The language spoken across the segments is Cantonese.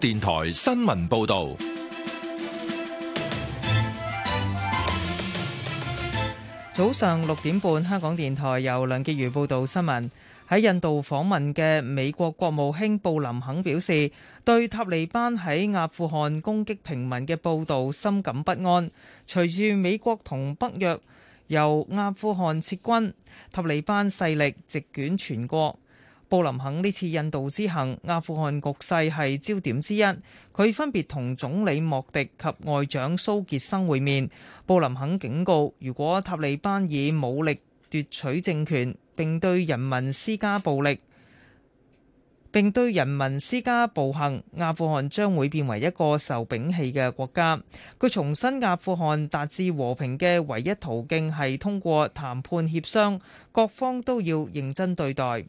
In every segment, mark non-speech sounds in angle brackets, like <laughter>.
電台新聞報道：早上六點半，香港電台由梁潔如報道新聞。喺印度訪問嘅美國國務卿布林肯表示，對塔利班喺阿富汗攻擊平民嘅報道深感不安。隨住美國同北約由阿富汗撤軍，塔利班勢力席捲全國。布林肯呢次印度之行，阿富汗局勢係焦點之一。佢分別同總理莫迪及外長蘇傑生會面。布林肯警告，如果塔利班以武力奪取政權，並對人民施加暴力，並對人民施加暴行，阿富汗將會變為一個受摒棄嘅國家。佢重申，阿富汗達至和平嘅唯一途徑係通過談判協商，各方都要認真對待。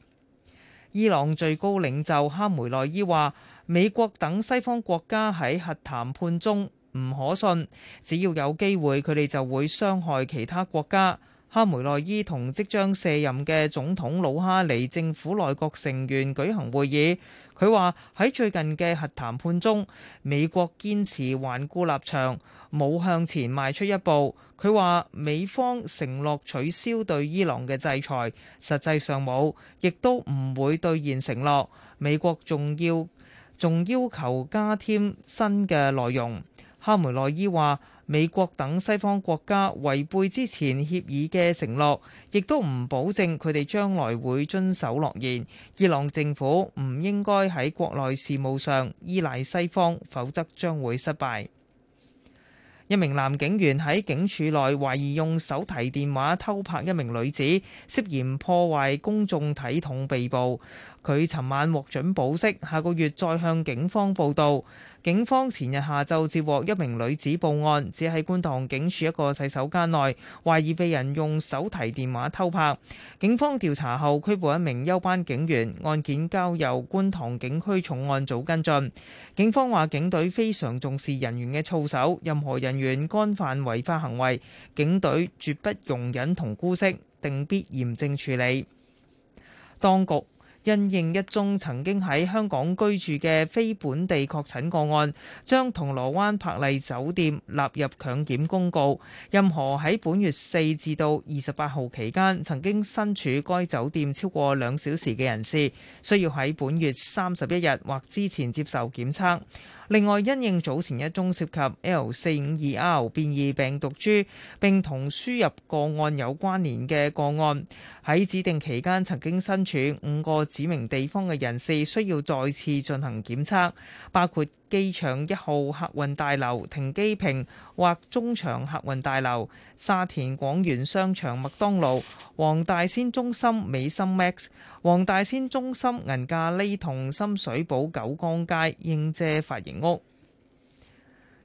伊朗最高領袖哈梅內伊話：美國等西方國家喺核談判中唔可信，只要有機會，佢哋就會傷害其他國家。哈梅內伊同即將卸任嘅總統魯哈尼政府內閣成員舉行會議，佢話喺最近嘅核談判中，美國堅持頑固立場。冇向前邁出一步。佢話美方承諾取消對伊朗嘅制裁，實際上冇，亦都唔會兌現承諾。美國仲要仲要求加添新嘅內容。哈梅內伊話美國等西方國家違背之前協議嘅承諾，亦都唔保證佢哋將來會遵守諾言。伊朗政府唔應該喺國內事務上依賴西方，否則將會失敗。一名男警員喺警署內懷疑用手提電話偷拍一名女子，涉嫌破壞公眾體統被捕。佢尋晚獲准保釋，下個月再向警方報到。警方前日下晝接獲一名女子報案，指喺觀塘警署一個洗手間內，懷疑被人用手提電話偷拍。警方調查後拘捕一名休班警員，案件交由觀塘警區重案組跟進。警方話，警隊非常重視人員嘅操守，任何人員干犯違法行為，警隊絕不容忍同姑息，定必嚴正處理。當局因應一宗曾經喺香港居住嘅非本地確診個案，將銅鑼灣柏麗酒店納入強檢公告。任何喺本月四至到二十八號期間曾經身處該酒店超過兩小時嘅人士，需要喺本月三十一日或之前接受檢測。另外，因應早前一宗涉及 L 四五二 R 變異病毒株並同輸入個案有關聯嘅個案，喺指定期間曾經身處五個指明地方嘅人士，需要再次進行檢測，包括。機場一號客運大樓停機坪或中場客運大樓、沙田廣源商場麥當勞、黃大仙中心美心 Max、黃大仙中心銀咖喱同深水埗九江街應借髮型屋。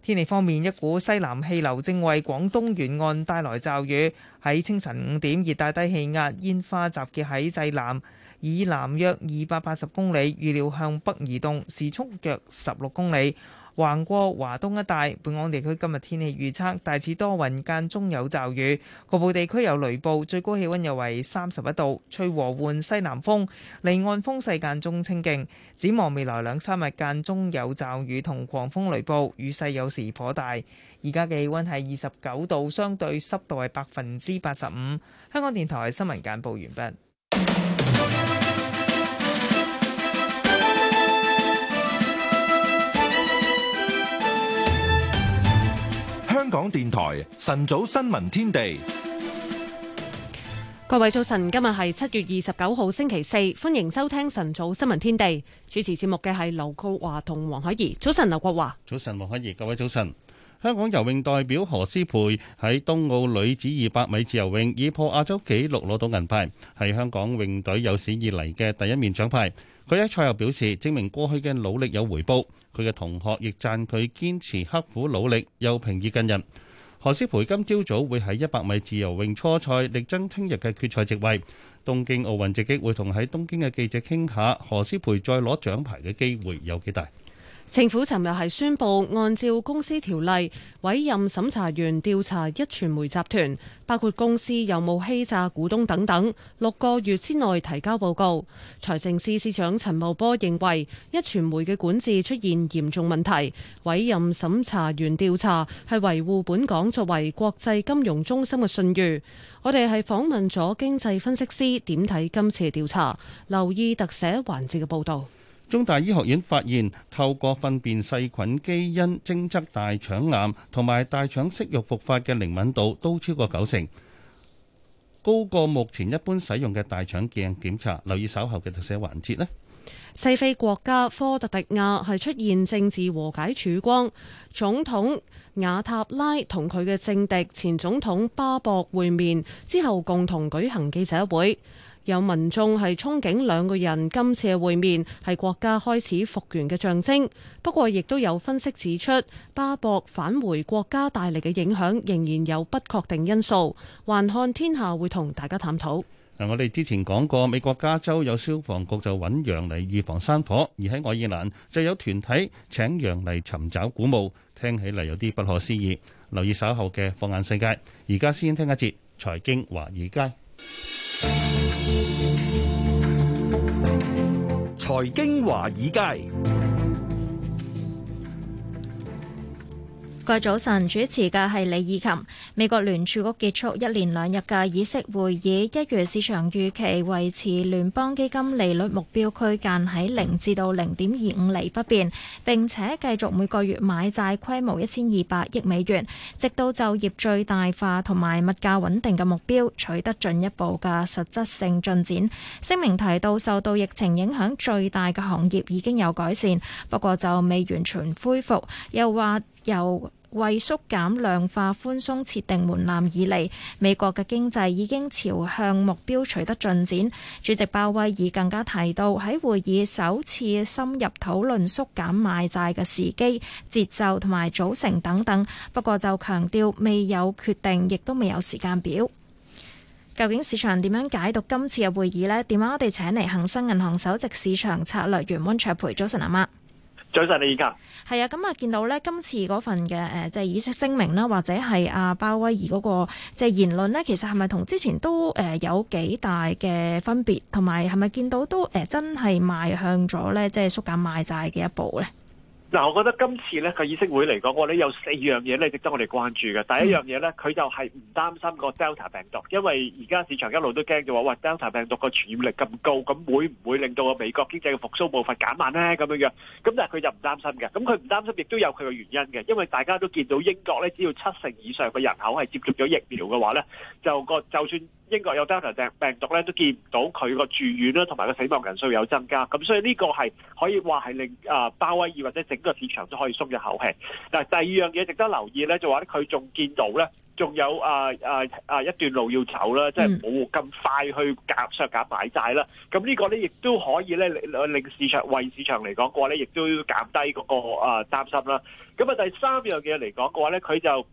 天氣方面，一股西南氣流正為廣東沿岸帶來驟雨。喺清晨五點熱帶低氣壓，熱帶低氣壓煙花集結喺濟南。以南約二百八十公里，預料向北移動，時速約十六公里，橫過華東一帶。本港地區今日天氣預測，大致多雲間中有驟雨，局部地區有雷暴，最高氣溫又為三十一度，吹和緩西南風，離岸風勢間中清勁。展望未來兩三日間中有驟雨同狂風雷暴，雨勢有時頗大。而家嘅氣温係二十九度，相對濕度係百分之八十五。香港電台新聞簡報完畢。港電台晨早新聞天地，各位早晨，今日係七月二十九號星期四，歡迎收聽晨早新聞天地。主持節目嘅係劉國華同黃海怡。早晨，劉國華，早晨，黃海怡，各位早晨。香港游泳代表何詩蓓喺東奧女子二百米自由泳以破亞洲紀錄攞到銀牌，係香港泳隊有史以嚟嘅第一面獎牌。佢喺賽後表示，證明過去嘅努力有回報。佢嘅同學亦讚佢堅持刻苦努力，又平易近人。何詩蓓今朝早會喺一百米自由泳初賽，力爭聽日嘅決賽席位。東京奧運直擊會同喺東京嘅記者傾下，何詩蓓再攞獎牌嘅機會有幾大？政府尋日係宣布，按照公司條例委任審查員調查壹傳媒集團，包括公司有冇欺詐股東等等，六個月之內提交報告。財政司司長陳茂波認為，壹傳媒嘅管治出現嚴重問題，委任審查員調查係維護本港作為國際金融中心嘅信譽。我哋係訪問咗經濟分析師點睇今次調查，留意特寫環節嘅報導。中大醫學院發現，透過糞便細菌基因偵測大腸癌同埋大腸息肉復發嘅靈敏度都超過九成，高過目前一般使用嘅大腸鏡檢查。留意稍後嘅特寫環節呢，西非國家科特迪瓦係出現政治和解曙光，總統瓦塔拉同佢嘅政敵前總統巴博會面之後，共同舉行記者會。有民眾係憧憬兩個人今次嘅會面係國家開始復原嘅象徵，不過亦都有分析指出，巴博返回國家帶嚟嘅影響仍然有不確定因素。環看天下會同大家探討。嗱、嗯，我哋之前講過，美國加州有消防局就揾羊嚟預防山火，而喺愛爾蘭就有團體請羊嚟尋找古墓，聽起嚟有啲不可思議。留意稍後嘅放眼世界，而家先聽一節財經華爾街。財經華爾街。今日早晨主持嘅係李以琴。美國聯儲局結束一連兩日嘅議息會議，一如市場預期，維持聯邦基金利率目標區間喺零至到零點二五厘不變，並且繼續每個月買債規模一千二百億美元，直到就業最大化同埋物價穩定嘅目標取得進一步嘅實質性進展。聲明提到，受到疫情影響最大嘅行業已經有改善，不過就未完全恢復，又話由為縮減量化寬鬆設定門檻以嚟，美國嘅經濟已經朝向目標取得進展。主席鮑威爾更加提到喺會議首次深入討論縮減買債嘅時機、節奏同埋組成等等。不過就強調未有決定，亦都未有時間表。究竟市場點樣解讀今次嘅會議呢？電話我哋請嚟恒生銀行首席市場策略員温卓培，早晨阿媽。早晨，你而家係啊，咁啊，見到咧今次嗰份嘅誒，即係議息聲明啦，或者係阿鮑威爾嗰個即係言論咧，其實係咪同之前都誒有幾大嘅分別？同埋係咪見到都誒真係邁向咗咧，即係縮減賣債嘅一步咧？嗱、啊，我覺得今次咧個議息會嚟講，我哋有四樣嘢咧值得我哋關注嘅。第一樣嘢咧，佢就係唔擔心個 Delta 病毒，因為而家市場一路都驚嘅話，喂 Delta 病毒個傳染力咁高，咁會唔會令到個美國經濟嘅復甦步伐減慢咧？咁樣樣，咁但係佢就唔擔心嘅。咁佢唔擔心，亦都有佢嘅原因嘅，因為大家都見到英國咧，只要七成以上嘅人口係接種咗疫苗嘅話咧，就個就算英國有 Delta 病毒咧，都見唔到佢個住院啦，同埋個死亡人數有增加。咁所以呢個係可以話係令啊鮑、呃、威爾或者呢個市場都可以鬆一口氣。但第二樣嘢值得留意咧，就話咧佢仲見到咧，仲有啊啊啊一段路要走啦，即係冇咁快去減削減買債啦。咁呢個咧亦都可以咧令市場為市場嚟講嘅話咧，亦都要減低嗰個啊擔心啦。咁啊第三樣嘢嚟講嘅話咧，佢就，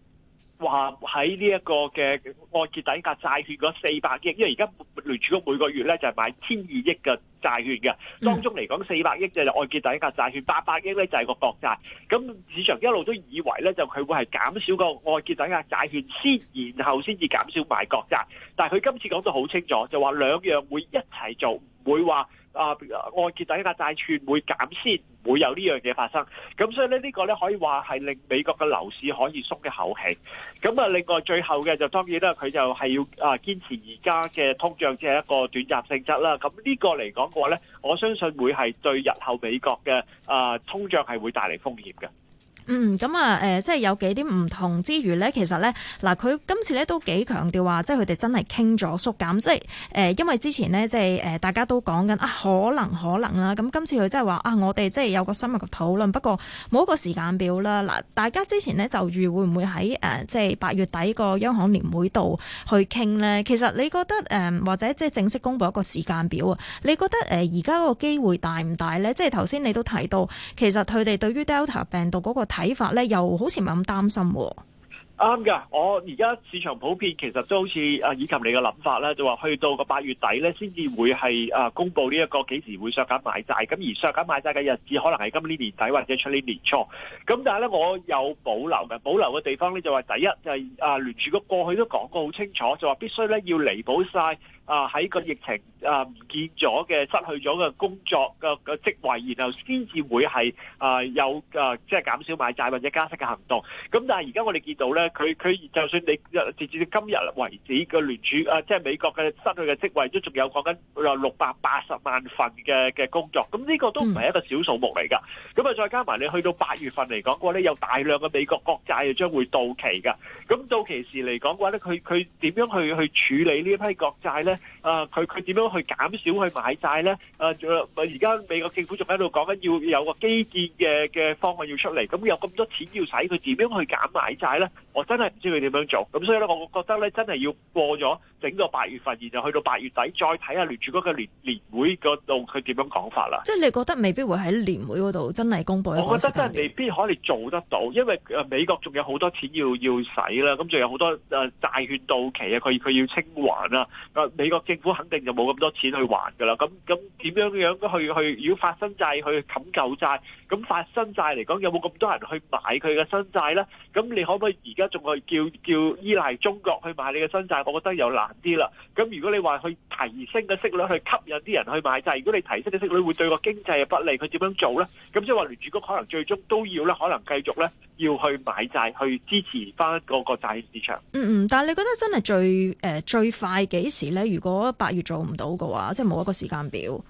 話喺呢一個嘅外結抵押債券個四百億，因為而家聯儲局每個月咧就係買千二億嘅債券嘅，當中嚟講四百億就係外結抵押債券，八百億咧就係個國債。咁市場一路都以為咧就佢會係減少個外結抵押債券先，然後先至減少買國債。但係佢今次講得好清楚，就話兩樣會一齊做，唔會話。啊、呃，外結抵押債券會減先，會有呢樣嘢發生。咁所以咧，呢、呢個咧可以話係令美國嘅樓市可以鬆一口氣。咁啊，另外最後嘅就當然啦，佢就係要啊堅持而家嘅通脹只係一個短暫性質啦。咁呢個嚟講嘅話咧，我相信會係對日後美國嘅啊、呃、通脹係會帶嚟風險嘅。嗯，咁啊、呃，即係有幾啲唔同之餘咧，其實咧，嗱，佢今次咧都幾強調話，即係佢哋真係傾咗縮減，即係誒、呃，因為之前咧，即係誒大家都講緊啊，可能可能啦，咁今次佢真係話啊，我哋即係有個深入嘅討論，不過冇一個時間表啦。嗱，大家之前咧就預會唔會喺誒即係八月底個央行年會度去傾咧？其實你覺得誒、呃、或者即係正式公布一個時間表啊？你覺得誒而家嗰個機會大唔大咧？即係頭先你都提到，其實佢哋對於 Delta 病毒嗰、嗰個。睇法咧，又好似唔係咁擔心喎。啱㗎，我而家市場普遍其實都好似啊，以及你嘅諗法咧，就話去到個八月底咧，先至會係啊公佈呢一個幾時會削減買債，咁而削減買債嘅日子可能係今年年底或者出年年初。咁但係咧，我有保留嘅，保留嘅地方咧就話第一就係啊聯儲局過去都講過好清楚，就話必須咧要彌補晒。啊喺個疫情啊唔見咗嘅失去咗嘅工作嘅嘅職位，然後先至會係啊有啊即係減少買債或者加息嘅行動。咁但係而家我哋見到咧，佢佢就算你直至到今日為止個聯儲啊，即係美國嘅失去嘅職位都仲有講緊六百八十萬份嘅嘅工作。咁呢個都唔係一個小數目嚟㗎。咁啊再加埋你去到八月份嚟講過呢，咧，有大量嘅美國國債將會到期㗎。咁到期時嚟講嘅話呢，咧，佢佢點樣去去處理呢一批國債咧？啊！佢佢點樣去減少去買債咧？啊！而家美國政府仲喺度講緊要有個基建嘅嘅方案要出嚟，咁有咁多錢要使，佢點樣去減買債咧？我真係唔知佢點樣做。咁所以咧，我覺得咧，真係要過咗整個八月份，然後去到八月底再看看，再睇下聯儲局嘅年年會嗰度佢點樣講法啦。即係你覺得未必會喺年會嗰度真係公布。我覺得真係未必可以做得到，因為美國仲有好多錢要要使啦，咁仲有好多啊債券到期啊，佢佢要清還啊。美國政府肯定就冇咁多錢去還㗎啦，咁咁點樣樣去去如果發生債去冚舊債？咁發生債嚟講，有冇咁多人去買佢嘅新債咧？咁你可唔可以而家仲去叫叫依賴中國去買你嘅新債？我覺得又難啲啦。咁如果你話去提升嘅息率去吸引啲人去買債，如果你提升嘅息率會對個經濟嘅不利，佢點樣做咧？咁即係話聯儲局可能最終都要咧，可能繼續咧要去買債去支持翻個國債市場。嗯嗯，但係你覺得真係最誒、呃、最快幾時咧？如果八月做唔到嘅話，即係冇一個時間表。誒、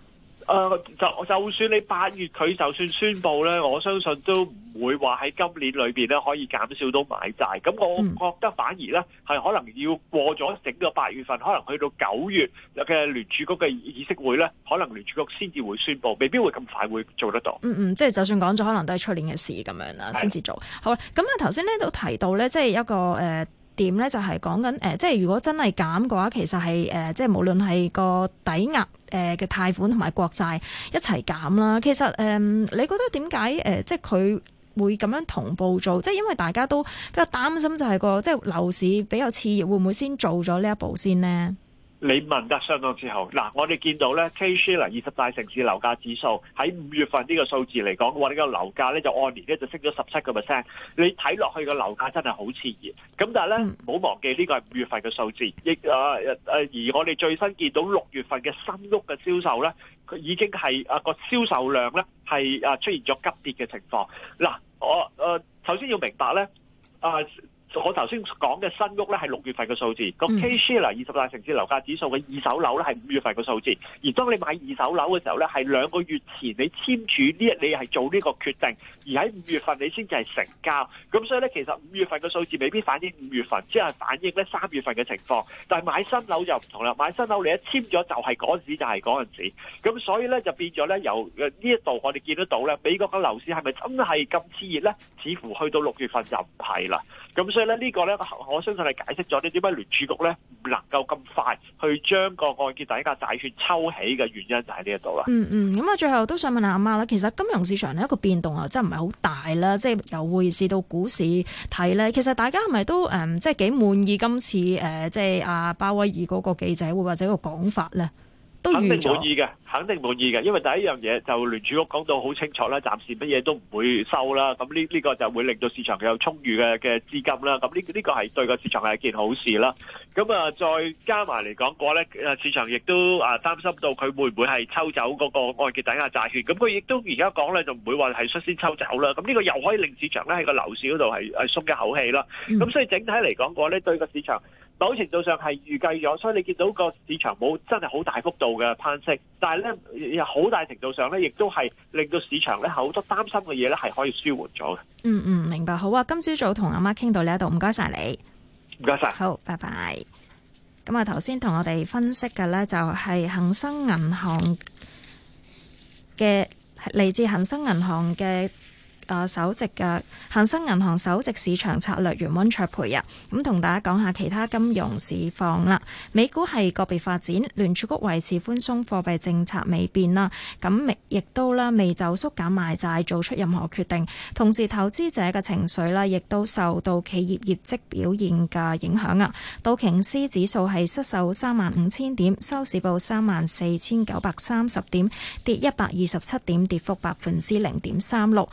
呃，就就算你八月佢就算宣布咧，我相信都唔會話喺今年裏邊咧可以減少到買債。咁我覺得反而咧係可能要過咗整個八月份，可能去到九月嘅聯儲局嘅議息會咧，可能聯儲局先至會宣布，未必會咁快會做得到。嗯嗯，即係就算講咗，可能都係出年嘅事咁樣啦，先至做好啦。咁啊，頭先咧都提到咧，即、就、係、是、一個誒。呃點咧就係講緊誒，即係如果真係減嘅話，其實係誒，即係無論係個抵押誒嘅貸款同埋國債一齊減啦。其實誒，你覺得點解誒，即係佢會咁樣同步做？即係因為大家都比較擔心，就係個即係樓市比較熾熱，會唔會先做咗呢一步先呢？你問得相當之好嗱，我哋見到咧，Case-Shiller 二十大城市樓價指數喺五月份呢個數字嚟講嘅話，呢個樓價咧就按年咧就升咗十七個 percent。你睇落去個樓價真係好似熱。咁但係咧，唔好忘記呢個係五月份嘅數字，亦啊啊而我哋最新見到六月份嘅新屋嘅銷售咧，佢已經係啊個銷售量咧係啊出現咗急跌嘅情況。嗱，我誒、呃、首先要明白咧啊。呃我頭先講嘅新屋咧係六月份嘅數字，咁、嗯、Case-Shiller 二十大城市樓價指數嘅二手樓咧係五月份嘅數字，而當你買二手樓嘅時候咧係兩個月前你簽署呢你係做呢個決定，而喺五月份你先至係成交，咁所以咧其實五月份嘅數字未必反映五月份，只係反映咧三月份嘅情況。但係買新樓就唔同啦，買新樓你一簽咗就係嗰陣時，就係嗰陣時，咁所以咧就變咗咧由呢一度我哋見得到咧美國嘅樓市係咪真係咁熾熱咧？似乎去到六月份就唔係啦，咁。所以咧呢個咧，我相信係解釋咗呢，點解聯儲局咧唔能夠咁快去將個按揭抵押債券抽起嘅原因就喺呢一度啦。嗯嗯，咁啊，最後都想問下阿媽啦。其實金融市場呢一個變動啊，真係唔係好大啦。即係由匯市到股市睇咧，其實大家係咪都誒，即係幾滿意今次誒，即係阿鮑威爾嗰個記者會或者個講法咧？都滿意嘅。肯定滿意嘅，因為第一樣嘢就聯儲局講到好清楚啦，暫時乜嘢都唔會收啦。咁呢呢個就會令到市場有充裕嘅嘅資金啦。咁呢呢個係、這個、對個市場係一件好事啦。咁啊，再加埋嚟講過呢，市場亦都啊擔心到佢會唔會係抽走嗰個外嘅抵押債券。咁佢亦都而家講呢，就唔會話係率先抽走啦。咁呢個又可以令市場呢喺個樓市嗰度係係鬆一口氣啦。咁所以整體嚟講過呢，對個市場某程度上係預計咗。所以你見到個市場冇真係好大幅度嘅攀升。但係咧，好大程度上咧，亦都係令到市場咧好多擔心嘅嘢咧，係可以舒緩咗嘅。嗯嗯，明白。好啊！今朝早同阿媽傾到呢一度，唔該晒你，唔該晒。好，拜拜。咁啊，頭先同我哋分析嘅咧，就係恒生銀行嘅嚟自恒生銀行嘅。啊，首席嘅恒生銀行首席市場策略員温卓培啊，咁同大家講下其他金融市況啦。美股係個別發展，聯儲局維持寬鬆貨幣政策未變啦，咁亦都啦未就縮減賣債做出任何決定。同時，投資者嘅情緒啦，亦都受到企業業績表現嘅影響啊。道瓊斯指數係失守三萬五千點，收市報三萬四千九百三十點，跌一百二十七點，跌幅百分之零點三六。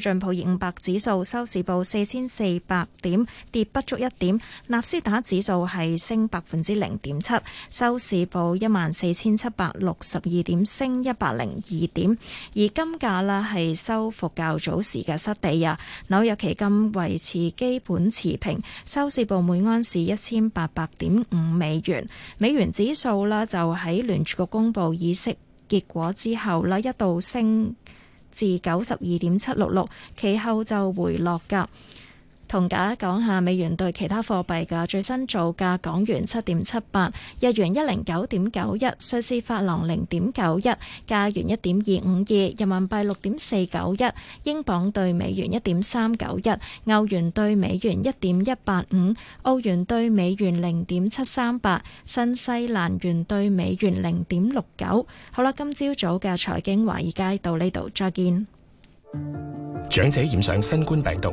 進步五百指數收市報四千四百點，跌不足一點。納斯達指數係升百分之零點七，收市報一萬四千七百六十二點，升一百零二點。而金價呢係收復較早時嘅失地啊。紐約期金維持基本持平，收市報每安士一千八百點五美元。美元指數呢就喺聯儲局公布議息結果之後啦，一度升。至九十二點七六六，其後就回落噶。同大家講下美元對其他貨幣嘅最新造價：港元七點七八，日元一零九點九一，瑞士法郎零點九一，加元一點二五二，人民幣六點四九一，英鎊對美元一點三九一，歐元對美元一點一八五，澳元對美元零點七三八，新西蘭元對美元零點六九。好啦，今朝早嘅財經華爾街到呢度，再見。長者染上新冠病毒。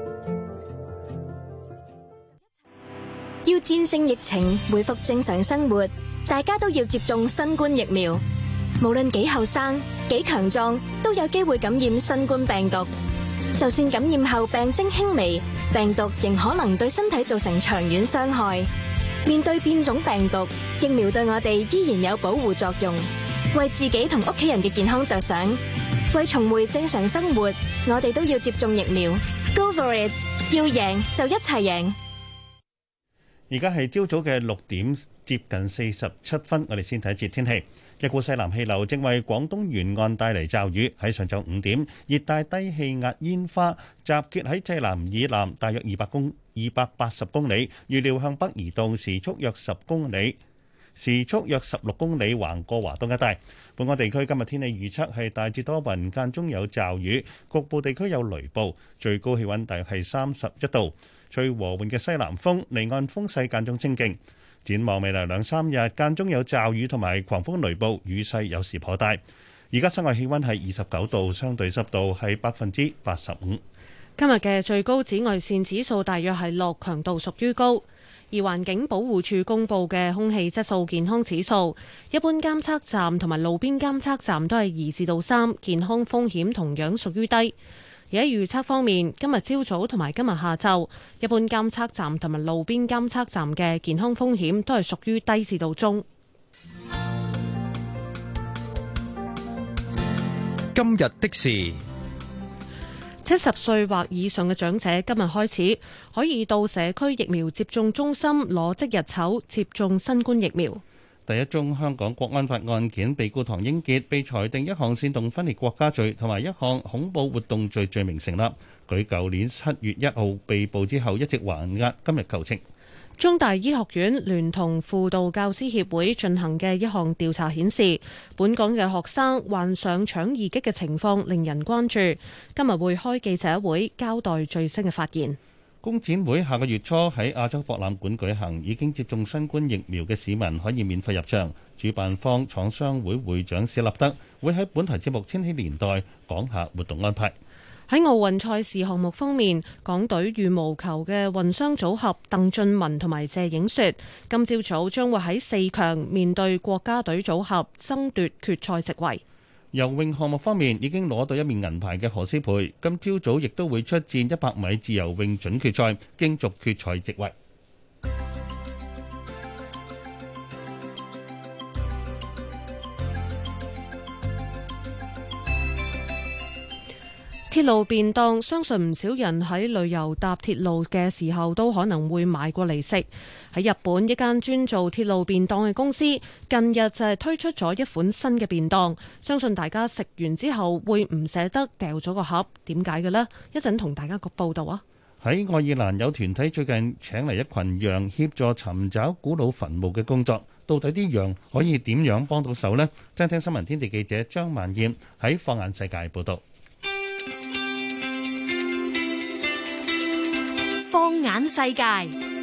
要戰勝疫情，回復正常生活，大家都要接種新冠疫苗。無論幾後生、幾強壯，都有機會感染新冠病毒。就算感染後病徵輕微，病毒仍可能對身體造成長遠傷害。面對變種病毒，疫苗對我哋依然有保護作用。為自己同屋企人嘅健康着想，為重回正常生活，我哋都要接種疫苗。Go for it！要贏就一齊贏。而家係朝早嘅六點接近四十七分，我哋先睇一節天氣。一股西南氣流正為廣東沿岸帶嚟驟雨。喺上晝五點，熱帶低氣壓煙花集結喺濟南以南大約二百公二百八十公里，預料向北移動，時速約十公里，時速約十六公里橫過華東一帶。本港地區今日天氣預測係大致多雲，間中有驟雨，局部地區有雷暴，最高氣溫大約係三十一度。吹和緩嘅西南風，離岸風勢間中清勁。展望未來兩三日，間中有驟雨同埋狂風雷暴，雨勢有時頗大。而家室外氣温係二十九度，相對濕度係百分之八十五。今日嘅最高紫外線指數大約係六，強度屬於高。而環境保護署公布嘅空氣質素健康指數，一般監測站同埋路邊監測站都係二至到三，健康風險同樣屬於低。而喺預測方面，今，今日朝早同埋今日下晝，一般監測站同埋路邊監測站嘅健康風險都係屬於低至到中。今日的事，七十歲或以上嘅長者，今日開始可以到社區疫苗接種中心攞即日籌接種新冠疫苗。第一宗香港國安法案件，被告唐英傑被裁定一項煽動分裂國家罪同埋一項恐怖活動罪罪名成立。佢舊年七月一號被捕之後一直還押，今日求情。中大醫學院聯同輔導教師協會進行嘅一項調查顯示，本港嘅學生患上腸易激嘅情況令人關注。今日會開記者會交代最新嘅發現。工展會下個月初喺亞洲博覽館舉行，已經接種新冠疫苗嘅市民可以免費入場。主辦方廠商會會長史立德會喺本台節目《千禧年代》講下活動安排。喺奧運賽事項目方面，港隊羽毛球嘅混雙組合鄧俊文同埋謝影雪今朝早將會喺四強面對國家隊組合爭奪決賽席位。游泳項目方面，已經攞到一面銀牌嘅何詩蓓，今朝早亦都會出戰一百米自由泳準決賽，競逐決賽席位。鐵路便當，相信唔少人喺旅遊搭鐵路嘅時候，都可能會買過嚟食。喺日本一間專做鐵路便當嘅公司，近日就係推出咗一款新嘅便當，相信大家食完之後會唔捨得掉咗個盒，點解嘅呢？一陣同大家個報道啊！喺愛爾蘭有團體最近請嚟一群羊協助尋找古老墳墓嘅工作，到底啲羊可以點樣幫到手呢？聽一聽新聞天地記者張萬燕喺放眼世界報道。放眼世界。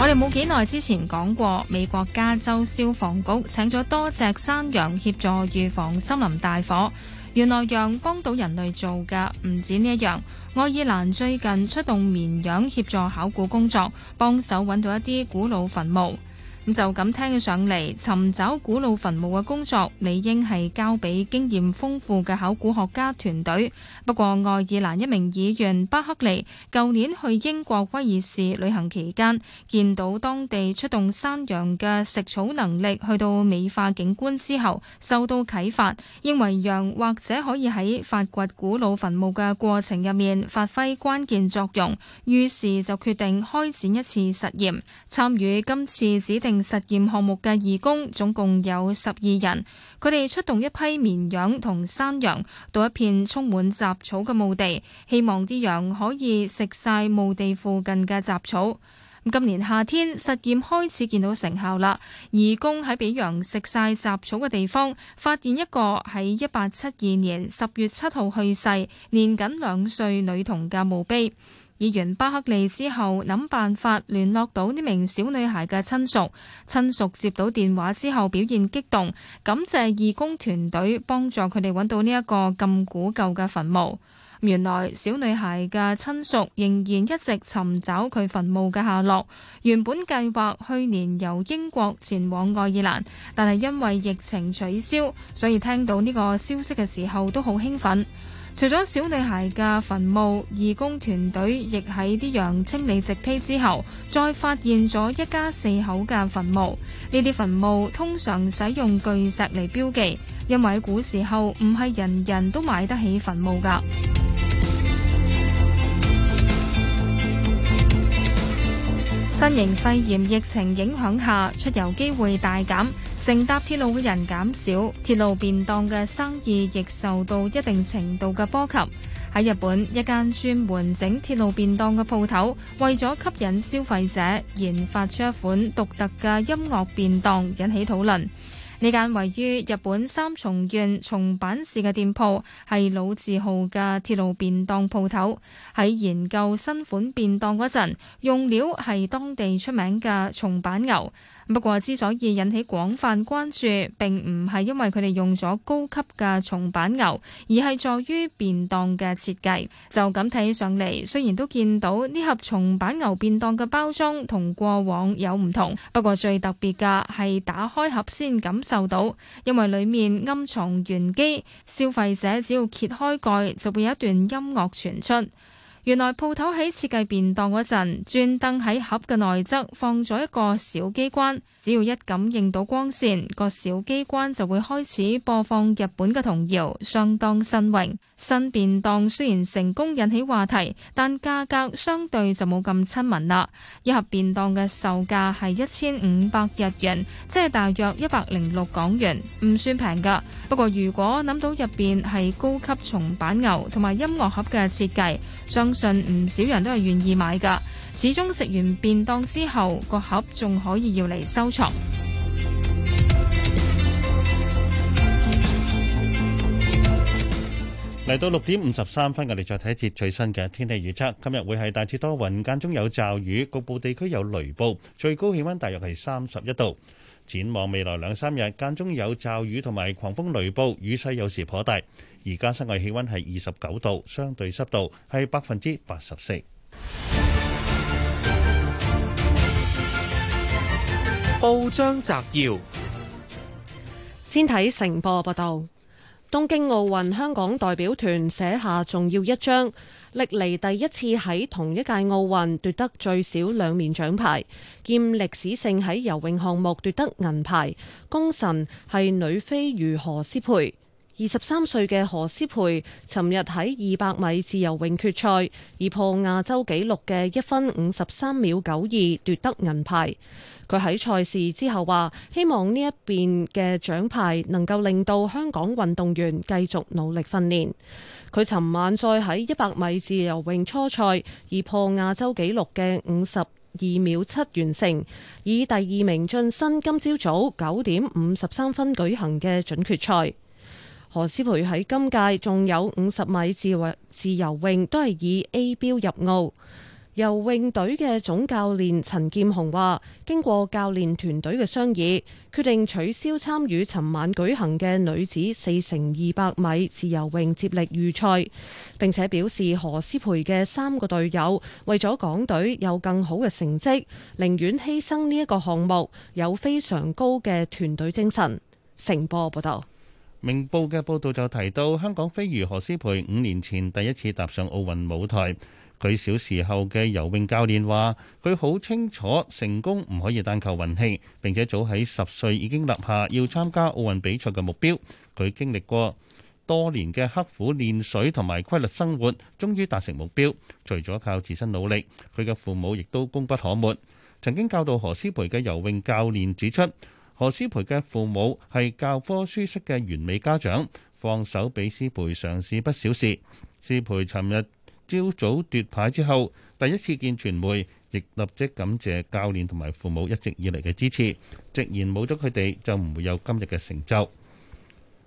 我哋冇幾耐之前講過，美國加州消防局請咗多隻山羊協助預防森林大火。原來羊幫到人類做嘅唔止呢一樣。愛爾蘭最近出動綿羊協助考古工作，幫手揾到一啲古老墳墓。咁就咁聽上嚟，尋找古老墳墓嘅工作理應係交俾經驗豐富嘅考古學家團隊。不過愛爾蘭一名議員巴克利，舊年去英國威爾士旅行期間，見到當地出動山羊嘅食草能力去到美化景觀之後，受到啟發，認為羊或者可以喺發掘古老墳墓嘅過程入面發揮關鍵作用，於是就決定開展一次實驗，參與今次指定。實驗項目嘅義工總共有十二人，佢哋出動一批綿羊同山羊到一片充滿雜草嘅墓地，希望啲羊可以食晒墓地附近嘅雜草。今年夏天實驗開始見到成效啦，義工喺俾羊食晒雜草嘅地方發現一個喺一八七二年十月七號去世、年僅兩歲女童嘅墓碑。議員巴克利之後諗辦法聯絡到呢名小女孩嘅親屬，親屬接到電話之後表現激動，感謝義工團隊幫助佢哋揾到呢一個咁古舊嘅墳墓。原來小女孩嘅親屬仍然一直尋找佢墳墓嘅下落，原本計劃去年由英國前往愛爾蘭，但係因為疫情取消，所以聽到呢個消息嘅時候都好興奮。除咗小女孩嘅墳墓，義工團隊亦喺啲羊清理石碑之後，再發現咗一家四口嘅墳墓。呢啲墳墓通常使用巨石嚟標記，因為喺古時候唔係人人都買得起墳墓噶。新型肺炎疫情影響下，出遊機會大減。乘搭鐵路嘅人減少，鐵路便當嘅生意亦受到一定程度嘅波及。喺日本，一間專門整鐵路便當嘅鋪頭，為咗吸引消費者，研發出一款獨特嘅音樂便當，引起討論。呢間位於日本三重縣松阪市嘅店鋪係老字號嘅鐵路便當鋪頭。喺研究新款便當嗰陣，用料係當地出名嘅松阪牛。不過之所以引起廣泛關注，並唔係因為佢哋用咗高級嘅松阪牛，而係在於便當嘅設計。就咁睇上嚟，雖然都見到呢盒松阪牛便當嘅包裝同過往有唔同，不過最特別嘅係打開盒先感受到，因為裏面暗藏玄機，消費者只要揭開蓋，就會有一段音樂傳出。原來鋪頭喺設計便當嗰陣，專登喺盒嘅內側放咗一個小機關，只要一感應到光線，個小機關就會開始播放日本嘅童謠，相當新穎。新便當雖然成功引起話題，但價格相對就冇咁親民啦。一盒便當嘅售價係一千五百日元，即係大約一百零六港元，唔算平噶。不過如果諗到入邊係高級松阪牛同埋音樂盒嘅設計，相信唔少人都係願意買噶，始終食完便當之後，個盒仲可以要嚟收藏。嚟到六點五十三分，我哋再睇一節最新嘅天氣預測。今日會係大致多雲，間中有驟雨，局部地區有雷暴，最高氣溫大約係三十一度。展望未來兩三日，間中有驟雨同埋狂風雷暴，雨勢有時頗大。而家室外氣溫係二十九度，相對濕度係百分之八十四。報章摘要：先睇成報報道：東京奧運香港代表團寫下重要一章，歷嚟第一次喺同一屆奧運奪得最少兩面獎牌，兼歷史性喺游泳項目奪得銀牌，功臣係女飛魚何詩蓓。二十三歲嘅何詩蓓，尋日喺二百米自由泳決賽，以破亞洲紀錄嘅一分五十三秒九二奪得銀牌。佢喺賽事之後話，希望呢一邊嘅獎牌能夠令到香港運動員繼續努力訓練。佢尋晚再喺一百米自由泳初賽，以破亞洲紀錄嘅五十二秒七完成，以第二名晉身今朝早九點五十三分舉行嘅準決賽。何思培喺今屆仲有五十米自自由泳都係以 A 標入奧。游泳隊嘅總教練陳劍雄話，經過教練團隊嘅商議，決定取消參與尋晚舉行嘅女子四乘二百米自由泳接力預賽，並且表示何思培嘅三個隊友為咗港隊有更好嘅成績，寧願犧牲呢一個項目，有非常高嘅團隊精神。成播報道。明報嘅報導就提到，香港飛魚何詩蓓五年前第一次踏上奧運舞台。佢小時候嘅游泳教練話，佢好清楚成功唔可以單靠運氣，並且早喺十歲已經立下要參加奧運比賽嘅目標。佢經歷過多年嘅刻苦練水同埋規律生活，終於達成目標。除咗靠自身努力，佢嘅父母亦都功不可沒。曾經教導何詩蓓嘅游泳教練指出：何詩蓓嘅父母係教科書式嘅完美家長，放手俾詩蓓嘗試不少事。詩蓓尋日朝早奪牌之後，第一次見傳媒，亦立即感謝教練同埋父母一直以嚟嘅支持。直言冇咗佢哋就唔會有今日嘅成就。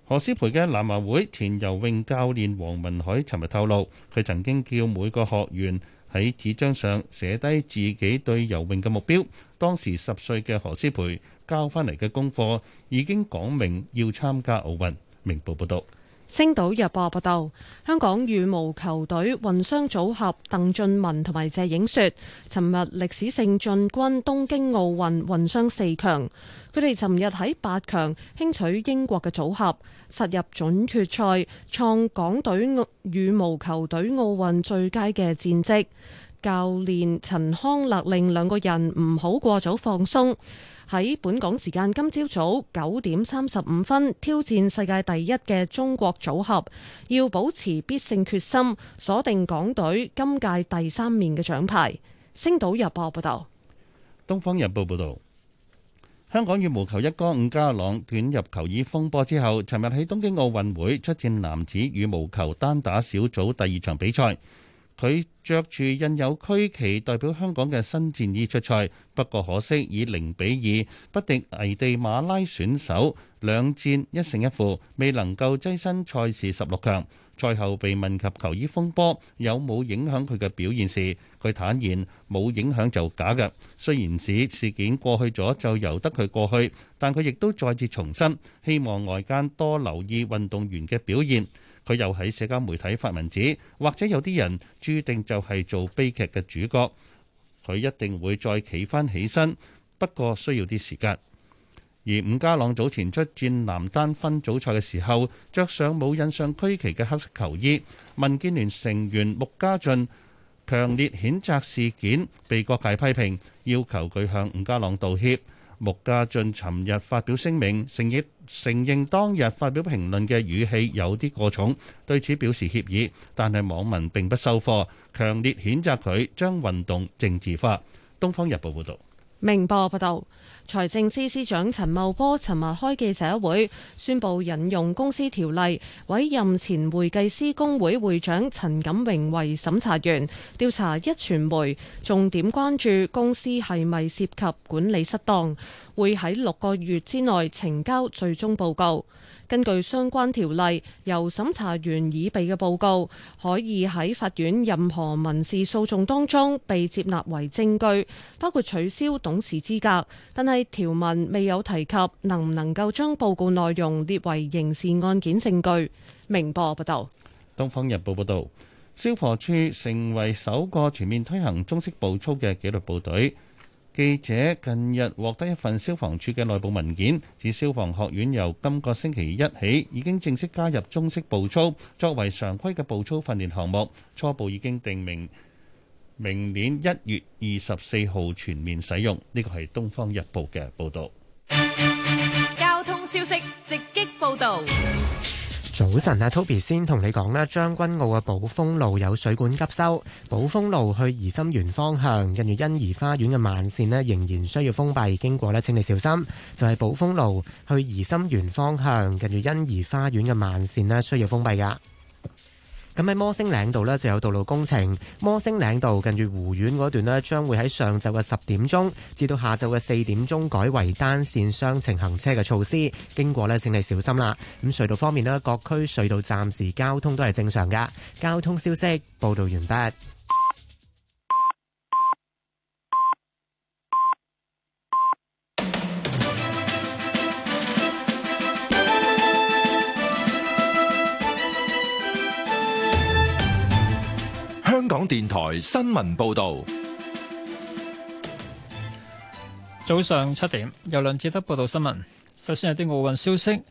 何詩蓓嘅南華會前游泳教練黃文海尋日透露，佢曾經叫每個學員喺紙張上寫低自己對游泳嘅目標。當時十歲嘅何詩蓓。交翻嚟嘅功課已經講明要參加奧運。明報報道。《星島日報》報道，香港羽毛球隊混雙組合鄧俊文同埋謝影雪，尋日歷史性進軍東京奧運混雙四強。佢哋尋日喺八強輕取英國嘅組合，殺入準決賽，創港隊羽毛球隊奧運最佳嘅戰績。教練陳康勒令兩個人唔好過早放鬆。喺本港時間今朝早九點三十五分挑戰世界第一嘅中國組合，要保持必勝決心，鎖定港隊今屆第三面嘅獎牌。星島日報報道。《東方日報》報道：香港羽毛球一哥伍家朗捲入球衣風波之後，尋日喺東京奧運會出戰男子羽毛球單打小組第二場比賽。佢着住印有區旗代表香港嘅新戰衣出賽，不過可惜以零比二不敵危地馬拉選手，兩戰一勝一負，未能夠躋身賽事十六強。賽後被問及球衣風波有冇影響佢嘅表現時，佢坦言冇影響就假嘅。雖然指事件過去咗就由得佢過去，但佢亦都再次重申，希望外間多留意運動員嘅表現。佢又喺社交媒體發文指，或者有啲人注定就係做悲劇嘅主角，佢一定會再企返起身，不過需要啲時間。而伍家朗早前出戰男單分組賽嘅時候，着上冇印上區旗嘅黑色球衣，民建聯成員穆家駿強烈譴責事件，被各界批評，要求佢向伍家朗道歉。穆家俊尋日發表聲明，承認承認當日發表評論嘅語氣有啲過重，對此表示歉意，但係網民並不收貨，強烈譴責佢將運動政治化。《東方日報》報道。明報報道，財政司司長陳茂波尋日開記者會，宣布引用公司條例委任前會計師公會會長陳錦榮為審查員，調查一傳媒，重點關注公司係咪涉及管理失當，會喺六個月之內呈交最終報告。根據相關條例，由審查員已備嘅報告可以喺法院任何民事訴訟當中被接納為證據，包括取消董事資格。但係條文未有提及能唔能夠將報告內容列為刑事案件證據。明報報道，《東方日報》報道，消防處成為首個全面推行中式步操嘅紀律部隊。記者近日獲得一份消防處嘅內部文件，指消防學院由今個星期一起已經正式加入中式步操作為常規嘅步操訓練項目，初步已經定明明年一月二十四號全面使用。呢個係《東方日報》嘅報道。交通消息直擊報道。早晨啊，Toby 先同你講啦。將軍澳嘅寶豐路有水管急修，寶豐路去怡心園方向，近住欣怡花園嘅慢綫呢，仍然需要封閉，經過呢，請你小心。就係寶豐路去怡心園方向，近住欣怡花園嘅慢綫呢，需要封閉噶。咁喺摩星嶺道呢，就有道路工程，摩星嶺道近住湖苑嗰段呢，將會喺上晝嘅十點鐘至到下晝嘅四點鐘改為單線雙程行車嘅措施，經過呢，請你小心啦。咁隧道方面呢，各區隧道暫時交通都係正常噶。交通消息報道完畢。香港電台新聞報道，早上七點，由梁志德報道新聞。首先係啲奧運消息。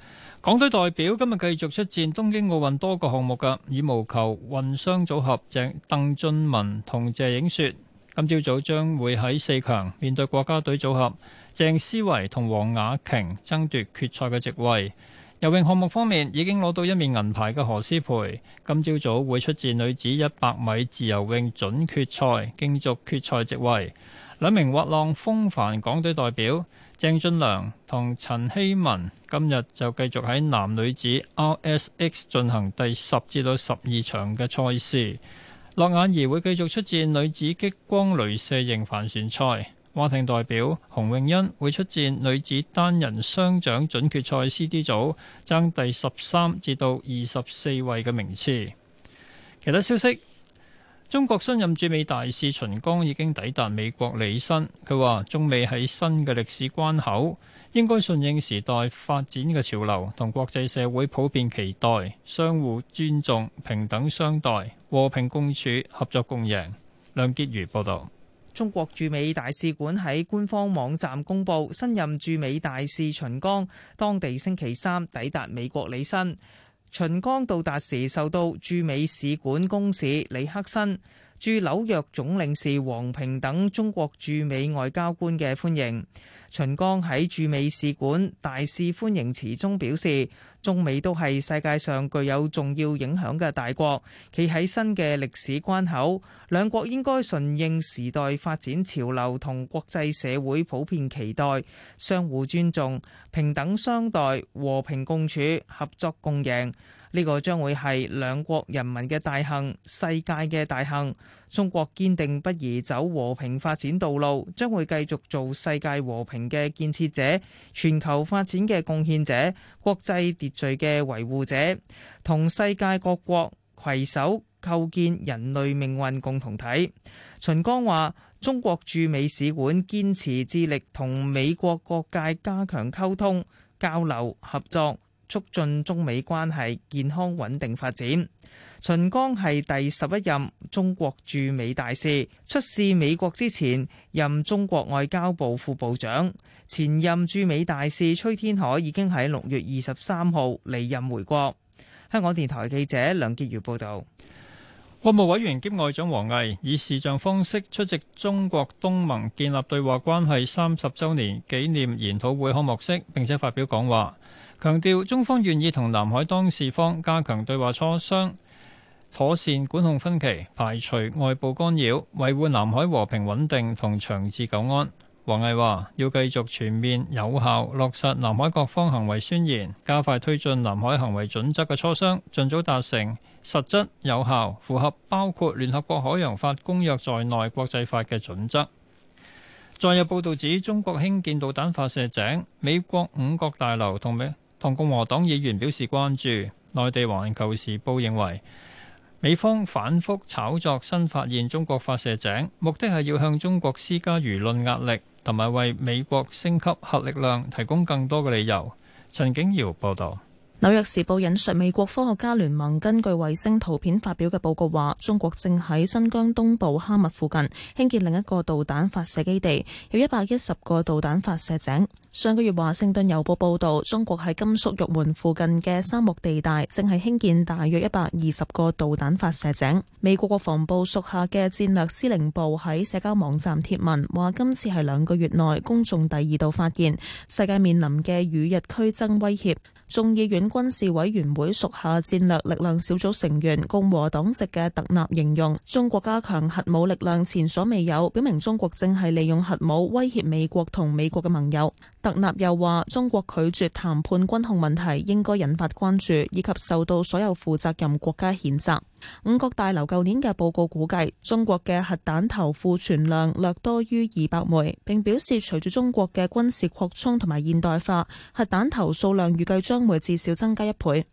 港隊代表今日繼續出戰東京奧運多個項目嘅羽毛球混雙組合鄭鄧俊文同謝影雪，今朝早將會喺四強面對國家隊組合鄭思維同黃雅瓊爭奪決賽嘅席位。游泳項目方面，已經攞到一面銀牌嘅何詩蓓，今朝早會出戰女子一百米自由泳準決賽，競逐決賽席位。兩名滑浪風帆港隊代表鄭俊良同陳希文，今日就繼續喺男女子 RSX 進行第十至到十二場嘅賽事。駱眼兒會繼續出戰女子激光鐳射型帆船賽。蛙艇代表洪詠欣會出戰女子單人雙槳準決賽 C D 組，爭第十三至到二十四位嘅名次。其他消息，中國新任駐美大使秦剛已經抵達美國履新，佢話中美喺新嘅歷史關口，應該順應時代發展嘅潮流同國際社會普遍期待，相互尊重、平等相待、和平共處、合作共贏。梁潔如報道。中國駐美大使館喺官方網站公布，新任駐美大使秦剛，當地星期三抵達美國履新。秦剛到達時，受到駐美使館公使李克新。駐紐約總領事王平等中國駐美外交官嘅歡迎。秦剛喺駐美使館大使歡迎詞中表示，中美都係世界上具有重要影響嘅大國，企喺新嘅歷史關口，兩國應該順應時代發展潮流同國際社會普遍期待，相互尊重、平等相待、和平共處、合作共贏。呢、這個將會係兩國人民嘅大幸，世界嘅大幸。中國堅定不移走和平發展道路，將會繼續做世界和平嘅建設者、全球發展嘅貢獻者、國際秩序嘅維護者，同世界各國携手構建人類命運共同體。秦剛話：中國駐美使館堅持致力同美國各界加強溝通、交流、合作。促進中美關係健康穩定發展。秦剛係第十一任中國駐美大使，出使美國之前任中國外交部副部長，前任駐美大使崔天凱已經喺六月二十三號離任回國，香港電台記者梁潔如報道。國務委員兼外長王毅以視像方式出席中國東盟建立對話關係三十周年紀念研討會開幕式，並且發表講話。強調中方願意同南海當事方加強對話磋商，妥善管控分歧，排除外部干擾，維護南海和平穩定同長治久安。王毅話：要繼續全面有效落實南海各方行為宣言，加快推進南海行為準則嘅磋商，盡早達成實質有效、符合包括聯合國海洋法公約在內國際法嘅準則。再有報導指中國興建導彈發射井，美國五角大樓同美同共和黨議員表示關注。內地《環球時報》認為，美方反覆炒作新發現中國發射井，目的係要向中國施加輿論壓力，同埋為美國升級核力量提供更多嘅理由。陳景堯報導。紐約時報引述美國科學家聯盟根據衛星圖片發表嘅報告話，中國正喺新疆東部哈密附近興建另一個導彈發射基地，有一百一十個導彈發射井。上個月華盛頓郵報報道，中國喺甘肅玉門附近嘅沙漠地帶正係興建大約一百二十個導彈發射井。美國國防部屬下嘅戰略司令部喺社交網站貼文話，今次係兩個月內公眾第二度發現世界面臨嘅與日俱增威脅。眾議院軍事委員會屬下戰略力量小組成員共和黨籍嘅特納形容：中國加強核武力量前所未有，表明中國正係利用核武威脅美國同美國嘅盟友。特納又話：中國拒絕談判軍控問題，應該引發關注，以及受到所有負責任國家譴責。五角大樓舊年嘅報告估計，中國嘅核彈頭庫存量略多於二百枚。並表示，隨住中國嘅軍事擴充同埋現代化，核彈頭數量預計將會至少增加一倍。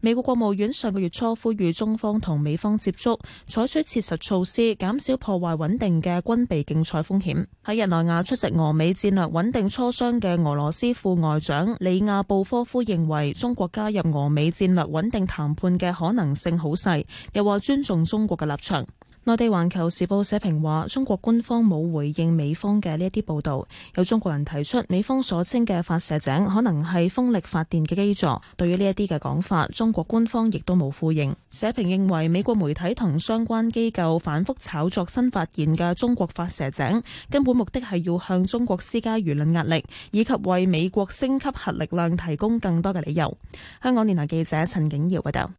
美國國務院上個月初呼籲中方同美方接觸，採取切實措施，減少破壞穩定嘅軍備競賽風險。喺日內瓦出席俄美戰略穩定磋商嘅俄羅斯副外長里亞布科夫認為，中國加入俄美戰略穩定談判嘅可能性好細，又話尊重中國嘅立場。內地環球時報社評話，中國官方冇回應美方嘅呢一啲報道。有中國人提出，美方所稱嘅發射井可能係風力發電嘅基座。對於呢一啲嘅講法，中國官方亦都冇呼應。社評認為，美國媒體同相關機構反覆炒作新發現嘅中國發射井，根本目的係要向中國施加輿論壓力，以及為美國升級核力量提供更多嘅理由。香港電台記者陳景堯報道。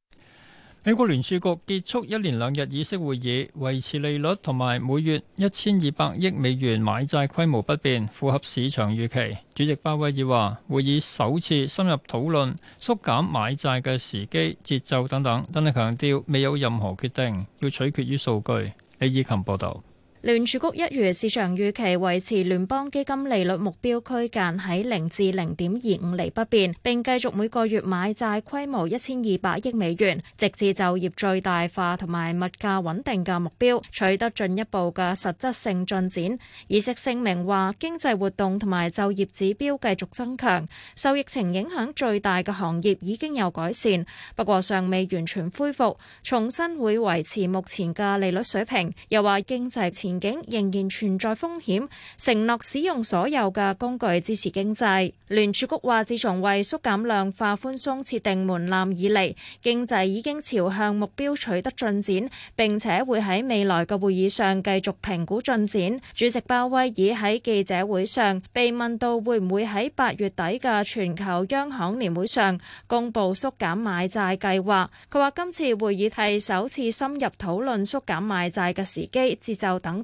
美國聯儲局結束一連兩日議息會議，維持利率同埋每月一千二百億美元買債規模不變，符合市場預期。主席鮑威爾話，會議首次深入討論縮減買債嘅時機、節奏等等，但係強調未有任何決定，要取決於數據。李以琴報道。聯儲局一如市場預期，維持聯邦基金利率目標區間喺零至零點二五厘不變，並繼續每個月買債規模一千二百億美元，直至就業最大化同埋物價穩定嘅目標取得進一步嘅實質性進展。議息聲明話，經濟活動同埋就業指標繼續增強，受疫情影響最大嘅行業已經有改善，不過尚未完全恢復。重新會維持目前嘅利率水平，又話經濟前，仍然存在風險，承諾使用所有嘅工具支持經濟。聯儲局話，自從為縮減量化寬鬆設定門檻以嚟經濟已經朝向目標取得進展，並且會喺未來嘅會議上繼續評估進展。主席鮑威爾喺記者會上被問到會唔會喺八月底嘅全球央行年會上公布縮減買債計劃，佢話今次會議係首次深入討論縮減買債嘅時機、節奏等。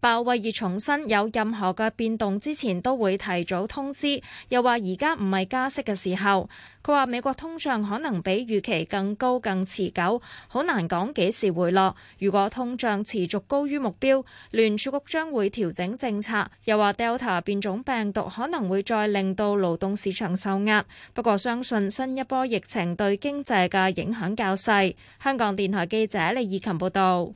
鮑威爾重申有任何嘅變動之前都會提早通知，又話而家唔係加息嘅時候。佢話美國通脹可能比預期更高、更持久，好難講幾時回落。如果通脹持續高於目標，聯儲局將會調整政策。又話 Delta 變種病毒可能會再令到勞動市場受壓，不過相信新一波疫情對經濟嘅影響較細。香港電台記者李以琴報道。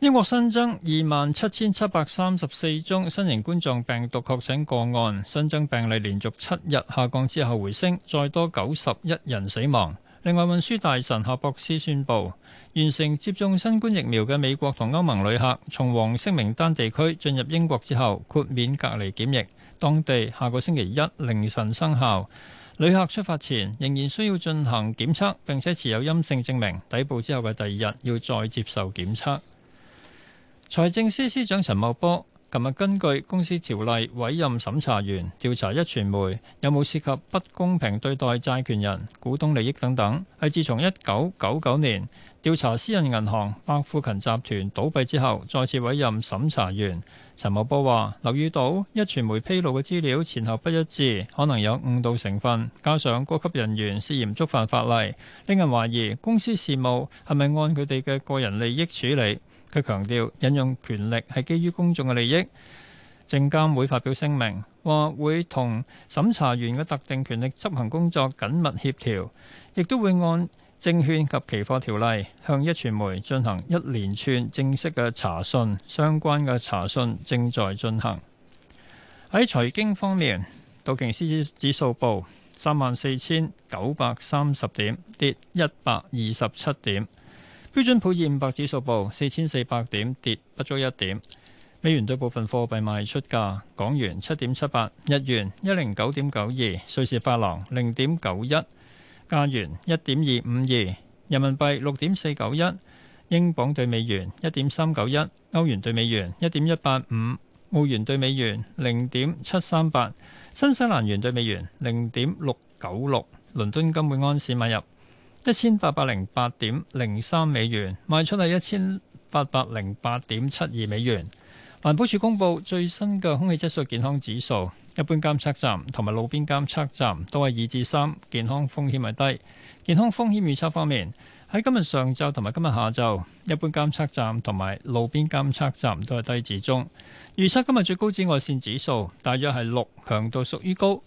英國新增二萬七千七百三十四宗新型冠狀病毒確診個案，新增病例連續七日下降之後回升，再多九十一人死亡。另外，運輸大臣夏博斯宣布，完成接種新冠疫苗嘅美國同歐盟旅客從黃色名單地區進入英國之後豁免隔離檢疫，當地下個星期一凌晨生效。旅客出發前仍然需要進行檢測，並且持有陰性證明。抵埗之後嘅第二日要再接受檢測。財政司司長陳茂波琴日根據公司條例委任審查員調查一傳媒有冇涉及不公平對待債權人、股東利益等等，係自從一九九九年調查私人銀行百富勤集團倒閉之後，再次委任審查員。陳茂波話，留意到一傳媒披露嘅資料前後不一致，可能有誤導成分，加上高級人員涉嫌觸犯法例，令人懷疑公司事務係咪按佢哋嘅個人利益處理。佢強調引用權力係基於公眾嘅利益。證監會發表聲明，話會同審查員嘅特定權力執行工作緊密協調，亦都會按證券及期貨條例向壹傳媒進行一連串正式嘅查訊，相關嘅查訊正在進行。喺財經方面，道瓊斯指數報三萬四千九百三十點，跌一百二十七點。標準普爾五百指數報四千四百點，跌不足一點。美元對部分貨幣賣出價：港元七點七八，日元一零九點九二，瑞士法郎零點九一，加元一點二五二，人民幣六點四九一，英鎊對美元一點三九一，歐元對美元一點一八五，澳元對美元零點七三八，新西蘭元對美元零點六九六。倫敦金每安士買入。一千八百零八點零三美元，賣出係一千八百零八點七二美元。環保署公布最新嘅空氣質素健康指數，一般監測站同埋路邊監測站都係二至三，健康風險係低。健康風險預測方面，喺今日上晝同埋今日下晝，一般監測站同埋路邊監測站都係低至中。預測今日最高紫外線指數大約係六，強度屬於高。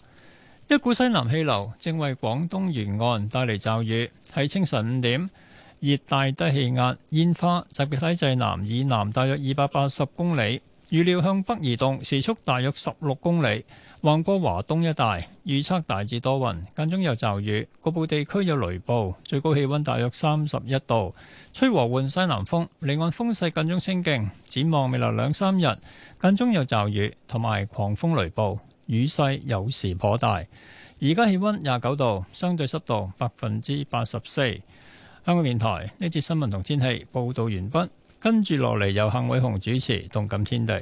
一股西南氣流正為廣東沿岸帶嚟驟雨。喺清晨五點，熱帶低氣壓煙花集結喺濟南以南大約二百八十公里，預料向北移動，時速大約十六公里，橫過華東一帶，預測大致多雲，間中有驟雨，局部地區有雷暴，最高氣温大約三十一度，吹和緩西南風，離岸風勢間中清勁。展望未來兩三日，間中有驟雨同埋狂風雷暴。雨勢有時頗大，而家氣温廿九度，相對濕度百分之八十四。香港電台呢節新聞同天氣報導完畢，跟住落嚟由幸偉雄主持《動感天地》。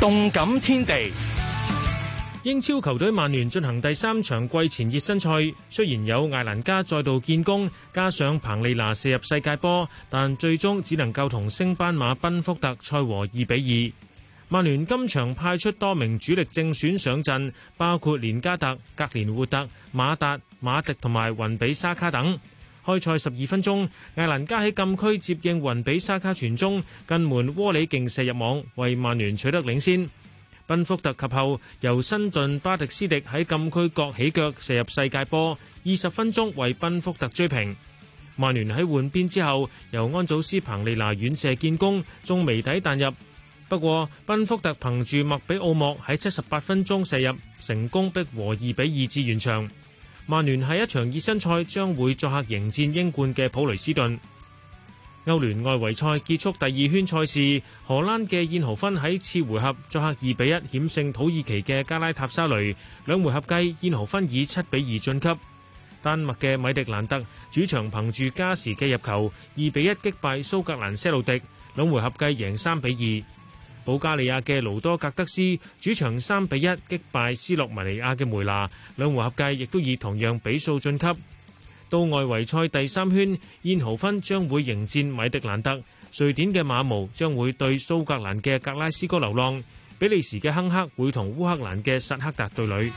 動感天地。英超球隊曼聯進行第三場季前熱身賽，雖然有艾蘭加再度建功，加上彭利拿射入世界波，但最終只能夠同升班馬賓福特賽和二比二。曼聯今場派出多名主力正選上陣，包括連加特、格連活特、馬達、馬迪同埋雲比沙卡等。開賽十二分鐘，艾蘭加喺禁區接應雲比沙卡傳中，近門窩裏勁射入網，為曼聯取得領先。奔福特及後由新頓巴迪斯迪喺禁區角起腳射入世界波，二十分鐘為奔福特追平。曼聯喺換邊之後，由安祖斯彭利拿遠射建功，中楣底彈入。不過，奔福特憑住麥比奧莫喺七十八分鐘射入，成功逼和二比二至完場。曼聯喺一場熱身賽將會作客迎戰英冠嘅普雷斯頓。歐聯外圍賽結束第二圈賽事，荷蘭嘅燕豪芬喺次回合作客二比一險勝土耳其嘅加拉塔沙雷，兩回合計燕豪芬以七比二晉級。丹麥嘅米迪蘭特主場憑住加時嘅入球二比一擊敗蘇格蘭西路迪，兩回合計贏三比二。保加利亞嘅盧多格德斯主場三比一擊敗斯洛文尼亞嘅梅拿，兩回合計亦都以同樣比數晉級。到外圍賽第三圈，燕豪芬將會迎戰米迪蘭特；瑞典嘅馬毛將會對蘇格蘭嘅格拉斯哥流浪；比利時嘅亨克會同烏克蘭嘅薩克達對壘。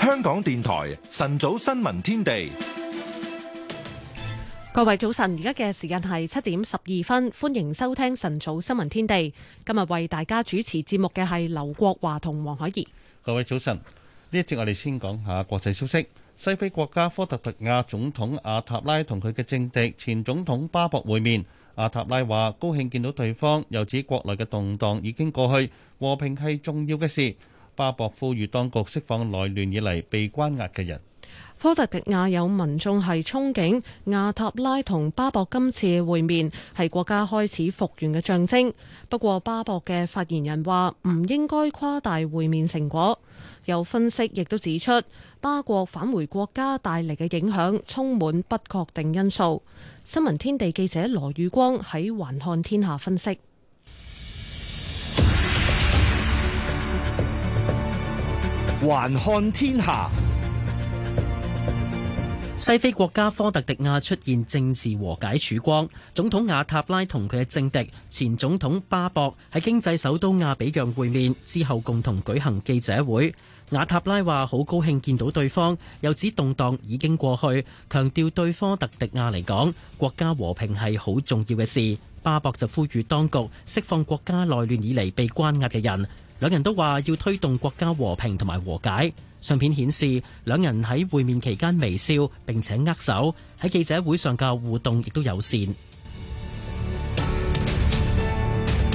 香港電台晨早新聞天地。各位早晨，而家嘅時間係七點十二分，歡迎收聽晨早新聞天地。今日為大家主持節目嘅係劉國華同黃海怡。各位早晨，呢一節我哋先講下國際消息。西非國家科特迪瓦總統阿塔拉同佢嘅政敵前總統巴博會面。阿塔拉話高興見到對方，又指國內嘅動盪已經過去，和平係重要嘅事。巴博呼籲當局釋放內亂以嚟被關押嘅人。科特迪瓦有民眾係憧憬亞塔拉同巴博今次會面係國家開始復原嘅象徵。不過巴博嘅發言人話唔應該誇大會面成果。有分析亦都指出巴國返回國家帶嚟嘅影響充滿不確定因素。新聞天地記者羅宇光喺橫看天下分析。橫看天下，分析西非國家科特迪亞出現政治和解曙光，總統瓦塔拉同佢嘅政敵前總統巴博喺經濟首都亞比讓會面之後，共同舉行記者會。瓦塔拉話好高興見到對方，又指動盪已經過去，強調對科特迪亞嚟講，國家和平係好重要嘅事。巴博就呼籲當局釋放國家內亂以嚟被關押嘅人，兩人都話要推動國家和平同埋和解。相片顯示兩人喺會面期間微笑並且握手，喺記者會上嘅互動亦都友善。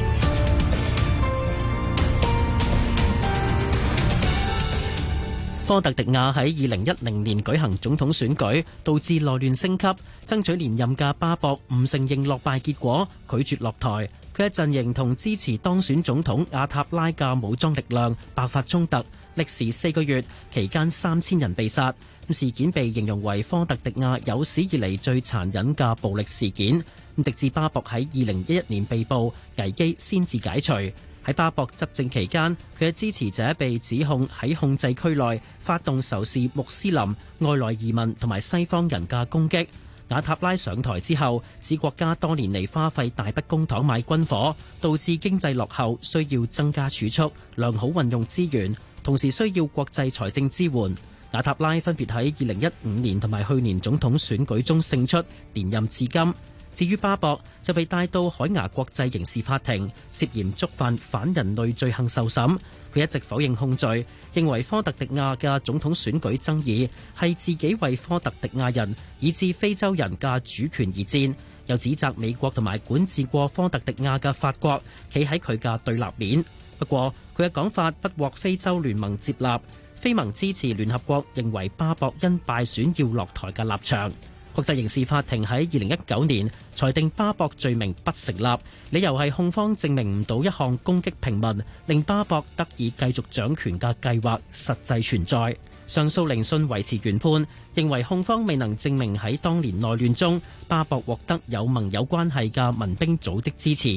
<music> 科特迪亞喺二零一零年舉行總統選舉，導致內亂升級。爭取連任嘅巴博唔承認落敗結果，拒絕落台。佢一陣營同支持當選總統瓦塔拉嘅武裝力量爆發衝突。歷時四個月，期間三千人被殺，事件被形容為科特迪瓦有史以嚟最殘忍嘅暴力事件。直至巴博喺二零一一年被捕，危機先至解除。喺巴博執政期間，佢嘅支持者被指控喺控制區內發動仇視穆斯林、外來移民同埋西方人嘅攻擊。瓦塔拉上台之後，指國家多年嚟花費大筆公帑買軍火，導致經濟落後，需要增加儲蓄，良好運用資源。同時需要國際財政支援。瓦塔拉分別喺二零一五年同埋去年總統選舉中勝出，連任至今。至於巴博就被帶到海牙國際刑事法庭，涉嫌觸犯反人類罪行受審。佢一直否認控罪，認為科特迪亞嘅總統選舉爭議係自己為科特迪亞人以至非洲人嘅主權而戰，又指責美國同埋管治過科特迪亞嘅法國企喺佢嘅對立面。不過，佢嘅講法不獲非洲聯盟接納，非盟支持聯合國認為巴博因敗選要落台嘅立場。國際刑事法庭喺二零一九年裁定巴博罪名不成立，理由係控方證明唔到一項攻擊平民，令巴博得以繼續掌權嘅計劃實際存在。上訴聆訊維持原判，認為控方未能證明喺當年內亂中巴博獲得有盟友關係嘅民兵組織支持。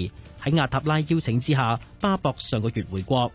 喺亞塔拉邀請之下，巴博上個月回國。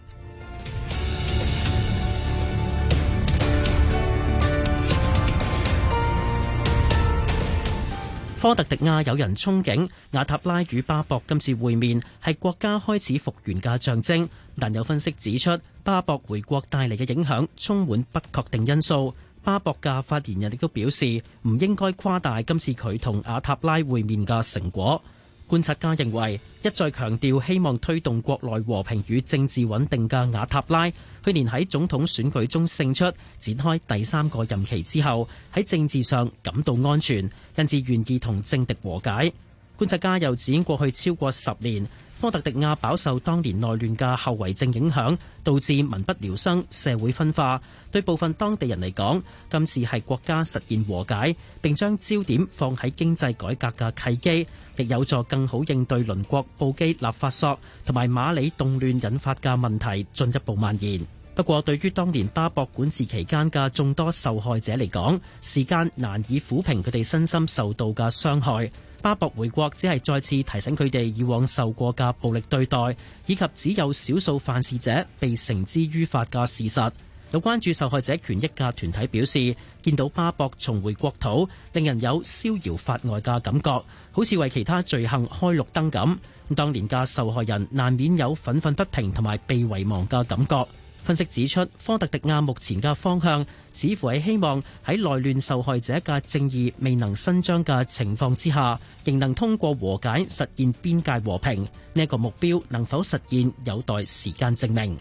科特迪亞有人憧憬，瓦塔拉與巴博今次會面係國家開始復原嘅象徵。但有分析指出，巴博回國帶嚟嘅影響充滿不確定因素。巴博嘅發言人亦都表示，唔應該誇大今次佢同瓦塔拉會面嘅成果。觀察家認為，一再強調希望推動國內和平與政治穩定嘅瓦塔拉去年喺總統選舉中勝出，展開第三個任期之後，喺政治上感到安全，因此願意同政敵和解。觀察家又指，過去超過十年，科特迪亞飽受當年內亂嘅後遺症影響，導致民不聊生、社會分化。對部分當地人嚟講，今次係國家實現和解，並將焦點放喺經濟改革嘅契機，亦有助更好應對鄰國布基納法索同埋馬里動亂引發嘅問題進一步蔓延。不過，對於當年巴博管治期間嘅眾多受害者嚟講，時間難以撫平佢哋身心受到嘅傷害。巴博回國只係再次提醒佢哋以往受過嘅暴力對待，以及只有少數犯事者被繩之於法嘅事實。有關注受害者權益嘅團體表示，見到巴博重回國土，令人有逍遙法外嘅感覺，好似為其他罪行開綠燈咁。咁，當年嘅受害人難免有憤憤不平同埋被遺忘嘅感覺。分析指出，科特迪亞目前嘅方向似乎係希望喺內亂受害者嘅正義未能伸張嘅情況之下，仍能通過和解實現邊界和平。呢個目標能否實現，有待時間證明。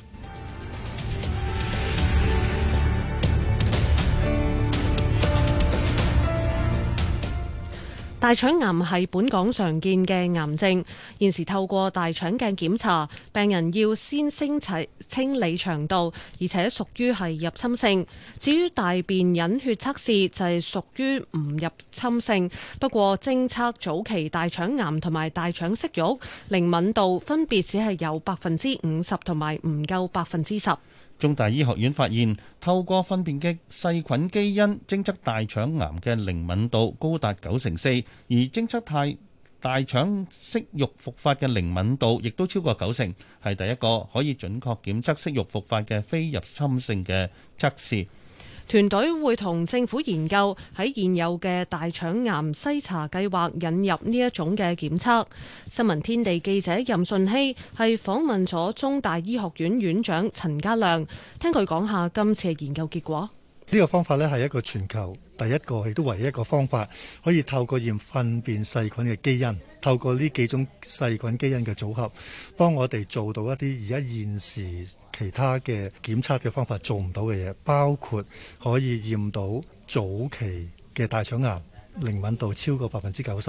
大腸癌係本港常見嘅癌症。現時透過大腸鏡檢查，病人要先清清理腸道，而且屬於係入侵性。至於大便隱血測試就係屬於唔入侵性。不過，偵測早期大腸癌同埋大腸息肉靈敏度分別只係有百分之五十同埋唔夠百分之十。中大醫學院發現，透過分辨嘅細菌基因偵測大腸癌嘅靈敏度高達九成四，而偵測太大腸息肉復發嘅靈敏度亦都超過九成，係第一個可以準確檢測息肉復發嘅非入侵性嘅測試。團隊會同政府研究喺現有嘅大腸癌篩查計劃引入呢一種嘅檢測。新聞天地記者任順希係訪問咗中大醫學院院長陳家亮，聽佢講下今次嘅研究結果。呢、這個方法呢係一個全球第一個，亦都唯一一個方法，可以透過驗糞便細菌嘅基因。透過呢幾種細菌基因嘅組合，幫我哋做到一啲而家現時其他嘅檢測嘅方法做唔到嘅嘢，包括可以驗到早期嘅大腸癌，靈敏度超過百分之九十。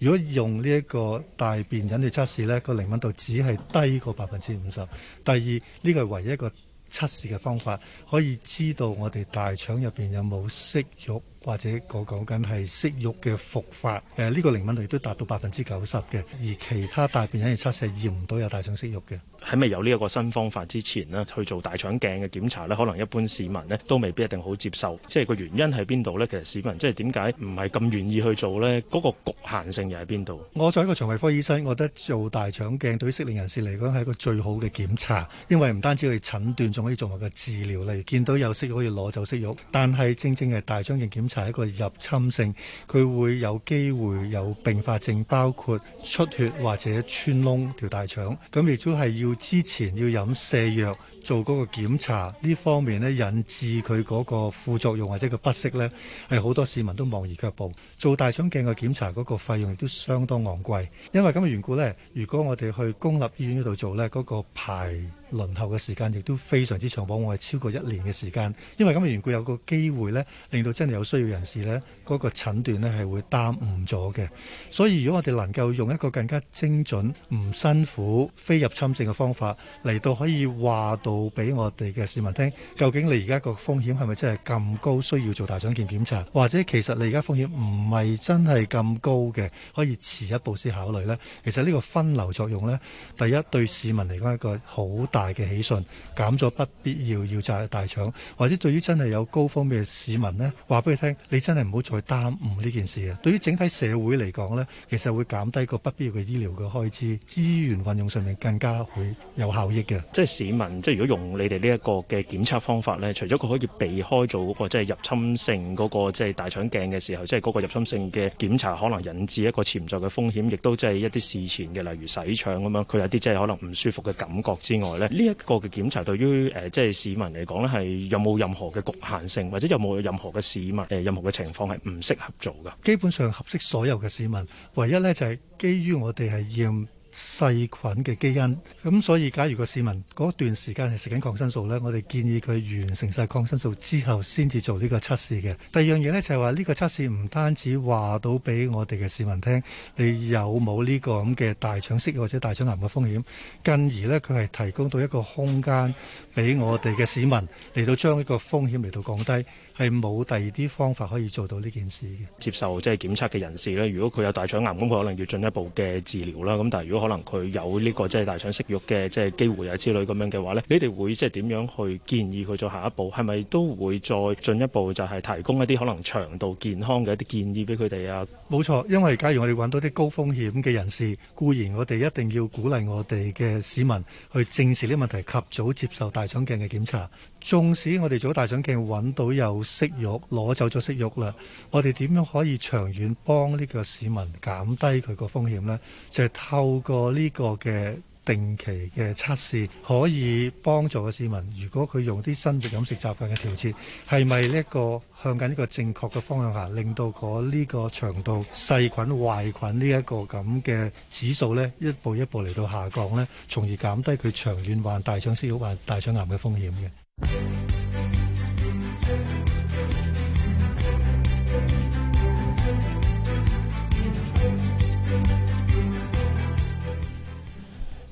如果用呢一個大便隱血測試呢，個靈敏度只係低過百分之五十。第二，呢個係唯一一個測試嘅方法，可以知道我哋大腸入面有冇息肉。或者我講緊係息肉嘅復發，誒、呃、呢、這個靈敏度都達到百分之九十嘅，而其他大便隱血測試驗唔到有大腸息肉嘅。喺未有呢一個新方法之前咧，去做大腸鏡嘅檢查呢，可能一般市民咧都未必一定好接受。即係個原因喺邊度呢？其實市民即係點解唔係咁願意去做呢？嗰、那個局限性又喺邊度？我作為一個腸胃科醫生，我覺得做大腸鏡對於適齡人士嚟講係一個最好嘅檢查，因為唔單止可以診斷，仲可以做埋個治療。例如見到有息肉可以攞走息肉，但係正正係大腸鏡檢查。係一個入侵性，佢會有機會有併發症，包括出血或者穿窿條大腸。咁亦都係要之前要飲瀉藥做嗰個檢查呢方面呢，引致佢嗰個副作用或者佢不適呢，係好多市民都望而卻步。做大腸鏡嘅檢查嗰個費用亦都相當昂貴，因為咁嘅緣故呢，如果我哋去公立醫院嗰度做呢，嗰個排輪候嘅時間亦都非常之長，往往係超過一年嘅時間，因為咁嘅緣故，有個機會咧，令到真係有需要人士咧，嗰個診斷咧係會耽誤咗嘅。所以如果我哋能夠用一個更加精準、唔辛苦、非入侵性嘅方法，嚟到可以話到俾我哋嘅市民聽，究竟你而家個風險係咪真係咁高，需要做大腸鏡檢查，或者其實你而家風險唔係真係咁高嘅，可以遲一步先考慮咧。其實呢個分流作用咧，第一對市民嚟講一個好大。大嘅喜訊，減咗不必要要扎大腸，或者對於真係有高風險嘅市民咧，話俾佢聽，你真係唔好再耽誤呢件事啊！對於整體社會嚟講咧，其實會減低個不必要嘅醫療嘅開支，資源運用上面更加會有效益嘅。即係市民，即係如果用你哋呢一個嘅檢測方法咧，除咗佢可以避開咗、嗰個即係、就是、入侵性嗰、嗰個即係、就是、大腸鏡嘅時候，即係嗰個入侵性嘅檢查可能引致一個潛在嘅風險，亦都即係一啲事前嘅，例如洗腸咁樣，佢有啲即係可能唔舒服嘅感覺之外咧。呢一個嘅檢查對於誒即係市民嚟講呢，係有冇任何嘅局限性，或者有冇任何嘅市民誒任何嘅情況係唔適合做嘅？基本上合適所有嘅市民，唯一呢就係基於我哋係要，細菌嘅基因，咁所以假如個市民嗰段時間係食緊抗生素呢，我哋建議佢完成晒抗生素之後，先至做呢個測試嘅。第二樣嘢呢，就係話，呢個測試唔單止話到俾我哋嘅市民聽，你有冇呢個咁嘅大腸息或者大腸癌嘅風險，更而呢，佢係提供到一個空間俾我哋嘅市民嚟到將呢個風險嚟到降低。係冇第二啲方法可以做到呢件事嘅。接受即係檢測嘅人士呢，如果佢有大腸癌，咁佢可能要進一步嘅治療啦。咁但係如果可能佢有呢個即係大腸息肉嘅即係機會啊之類咁樣嘅話呢，你哋會即係點樣去建議佢做下一步？係咪都會再進一步就係提供一啲可能腸道健康嘅一啲建議俾佢哋啊？冇錯，因為假如我哋揾到啲高風險嘅人士，固然我哋一定要鼓勵我哋嘅市民去正視呢個問題，及早接受大腸鏡嘅檢查。縱使我哋做大腸鏡揾到有息肉，攞走咗息肉啦，我哋點樣可以長遠幫呢個市民減低佢個風險呢？就係透過呢個嘅定期嘅測試，可以幫助個市民。如果佢用啲新嘅飲食習慣嘅調節，係咪呢一個向緊一個正確嘅方向下，令到嗰呢個腸道細菌壞菌呢一個咁嘅指數呢一步一步嚟到下降呢，從而減低佢長遠患大腸息肉、患大腸癌嘅風險嘅。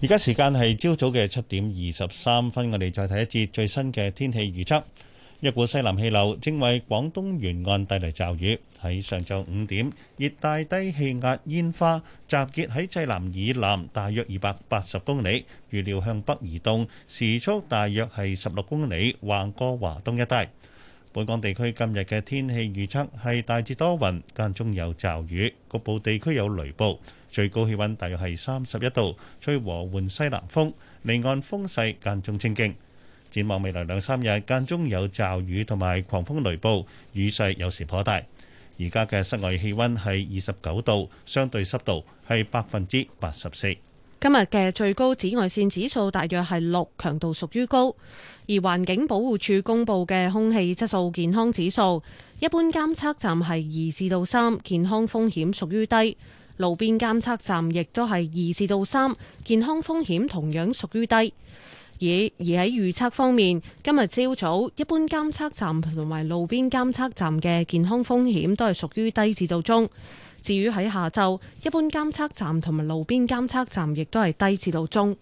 而家時間係朝早嘅七點二十三分，我哋再睇一節最新嘅天氣預測。一股西南氣流正為廣東沿岸帶嚟驟雨。喺上晝五點，熱帶低氣壓煙花集結喺濟南以南大約二百八十公里，預料向北移動，時速大約係十六公里，橫過華東一帶。本港地區今日嘅天氣預測係大致多雲，間中有驟雨，局部地區有雷暴。最高氣温大約係三十一度，吹和緩西南風，離岸風勢間中清勁。展望未來兩三日，間中有驟雨同埋狂風雷暴，雨勢有時頗大。而家嘅室外氣温係二十九度，相對濕度係百分之八十四。今日嘅最高紫外線指數大約係六，強度屬於高。而環境保護署公布嘅空氣質素健康指數，一般監測站係二至到三，健康風險屬於低。路邊監測站亦都係二至到三，健康風險同樣屬於低。而而喺預測方面，今日朝早一般監測站同埋路邊監測站嘅健康風險都係屬於低至到中。至於喺下晝，一般監測站同埋路邊監測站亦都係低至到中。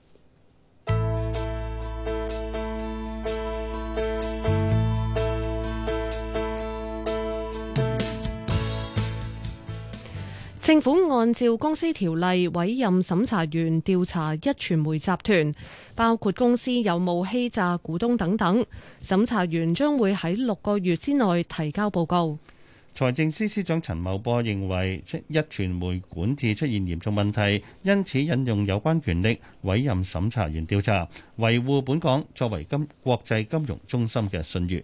政府按照公司條例委任審查員調查壹傳媒集團，包括公司有冇欺詐股東等等。審查員將會喺六個月之內提交報告。財政司司長陳茂波認為壹傳媒管治出現嚴重問題，因此引用有關權力委任審查員調查，維護本港作為金國際金融中心嘅信譽。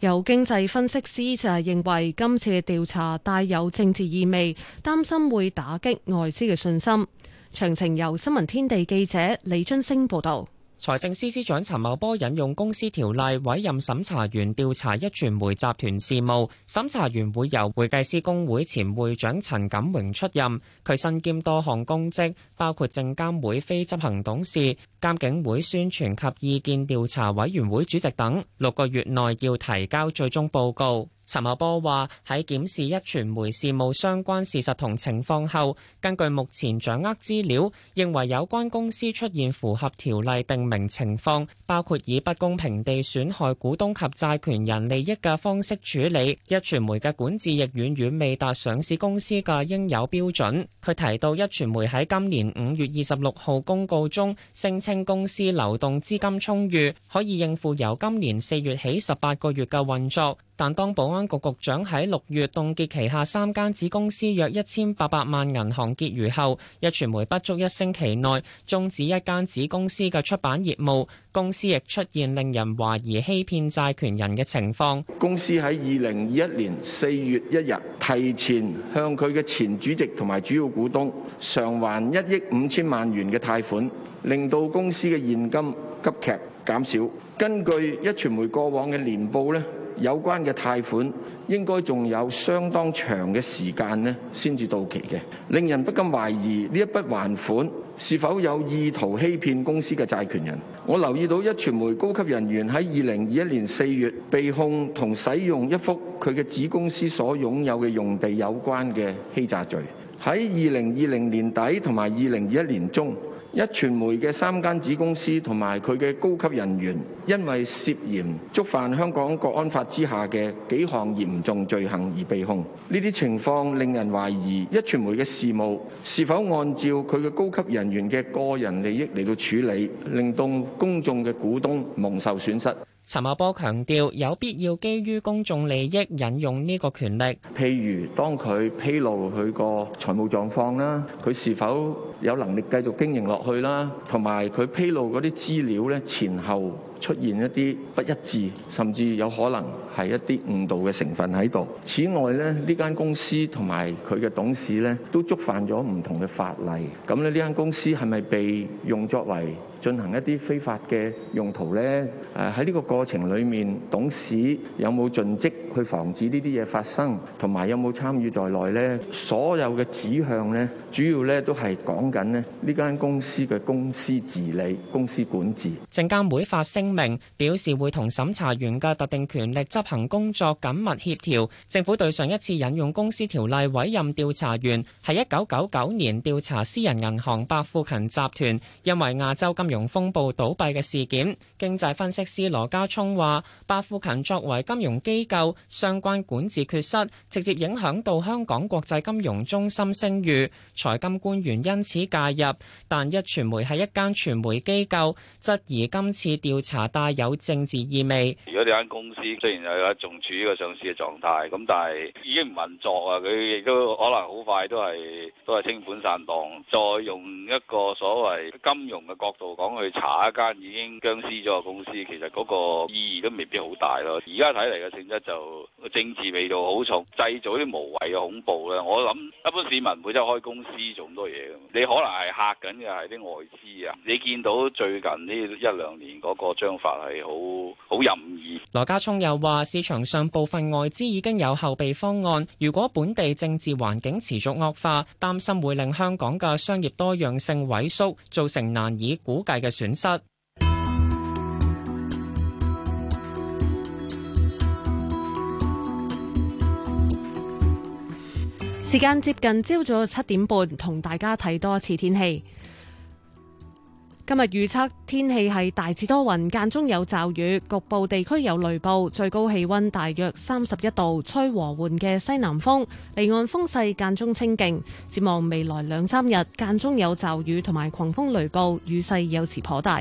有經濟分析師就係認為，今次嘅調查帶有政治意味，擔心會打擊外資嘅信心。詳情由新聞天地記者李俊升報導。財政司司長陳茂波引用公司條例委任審查員調查一傳媒集團事務，審查員會由會計師公會前會長陳錦榮出任。佢身兼多項公職，包括證監會非執行董事、監警會宣傳及意見調查委員會主席等。六個月內要提交最終報告。陳茂波話：喺檢視壹傳媒事務相關事實同情況後，根據目前掌握資料，認為有關公司出現符合條例定明情況，包括以不公平地損害股東及債權人利益嘅方式處理壹傳媒嘅管治，亦遠遠未達上市公司嘅應有標準。佢提到，壹傳媒喺今年五月二十六號公告中，聲稱公司流動資金充裕，可以應付由今年四月起十八個月嘅運作。但當保安局局長喺六月凍結旗下三間子公司約一千八百萬銀行結餘後，一傳媒不足一星期內終止一間子公司嘅出版業務。公司亦出現令人懷疑欺騙債權人嘅情況。公司喺二零二一年四月一日提前向佢嘅前主席同埋主要股東償還一億五千萬元嘅貸款，令到公司嘅現金急劇減少。根據一傳媒過往嘅年報呢。有關嘅貸款應該仲有相當長嘅時間呢先至到期嘅，令人不禁懷疑呢一筆還款是否有意圖欺騙公司嘅債權人。我留意到一傳媒高級人員喺二零二一年四月被控同使用一幅佢嘅子公司所擁有嘅用地有關嘅欺詐罪。喺二零二零年底同埋二零二一年中，一傳媒的三間子公司同埋佢嘅他的高級人員因為涉嫌觸犯香港國安法之下的幾項嚴重罪行而被控。這些情況令人懷疑一傳媒的事務是否按照他的高級人員的個人利益來處理，令到公眾的股東蒙受損失。陳茂波強調有必要基於公眾利益引用呢個權力，譬如當佢披露佢個財務狀況啦，佢是否有能力繼續經營落去啦，同埋佢披露嗰啲資料咧前後出現一啲不一致，甚至有可能係一啲誤導嘅成分喺度。此外咧，呢間公司同埋佢嘅董事咧都觸犯咗唔同嘅法例，咁呢呢間公司係咪被用作為？進行一啲非法嘅用途呢，誒喺呢個過程裏面，董事有冇盡職去防止呢啲嘢發生，同埋有冇參與在內呢？所有嘅指向呢。主要咧都係講緊呢呢間公司嘅公司治理、公司管治。證監會發聲明表示會同審查員嘅特定權力執行工作緊密協調。政府對上一次引用公司條例委任調查員，係一九九九年調查私人銀行百富勤集團，因為亞洲金融風暴倒閉嘅事件。經濟分析師羅家聰話百富勤作為金融機構，相關管治缺失，直接影響到香港國際金融中心聲譽。財金官員因此介入，但一傳媒係一間傳媒機構質疑今次調查帶有政治意味。而家呢間公司雖然係仲處於一個上市嘅狀態，咁但係已經唔運作啊！佢亦都可能好快都係都係清盤散檔，再用一個所謂金融嘅角度講去查一間已經僵屍咗嘅公司，其實嗰個意義都未必好大咯。而家睇嚟嘅性質就政治味道好重，製造啲無謂嘅恐怖咧，我諗一般市民每週開公司。做咁多嘢，你可能係嚇緊嘅係啲外資啊！你見到最近呢一兩年嗰個章法係好好任意。羅家聰又話：市場上部分外資已經有後備方案，如果本地政治環境持續惡化，擔心會令香港嘅商業多樣性萎縮，造成難以估計嘅損失。時間接近朝早七點半，同大家睇多次天氣。今日預測天氣係大致多雲，間中有驟雨，局部地區有雷暴。最高氣溫大約三十一度，吹和緩嘅西南風，離岸風勢間中清勁。展望未來兩三日，間中有驟雨同埋狂風雷暴，雨勢有時頗大。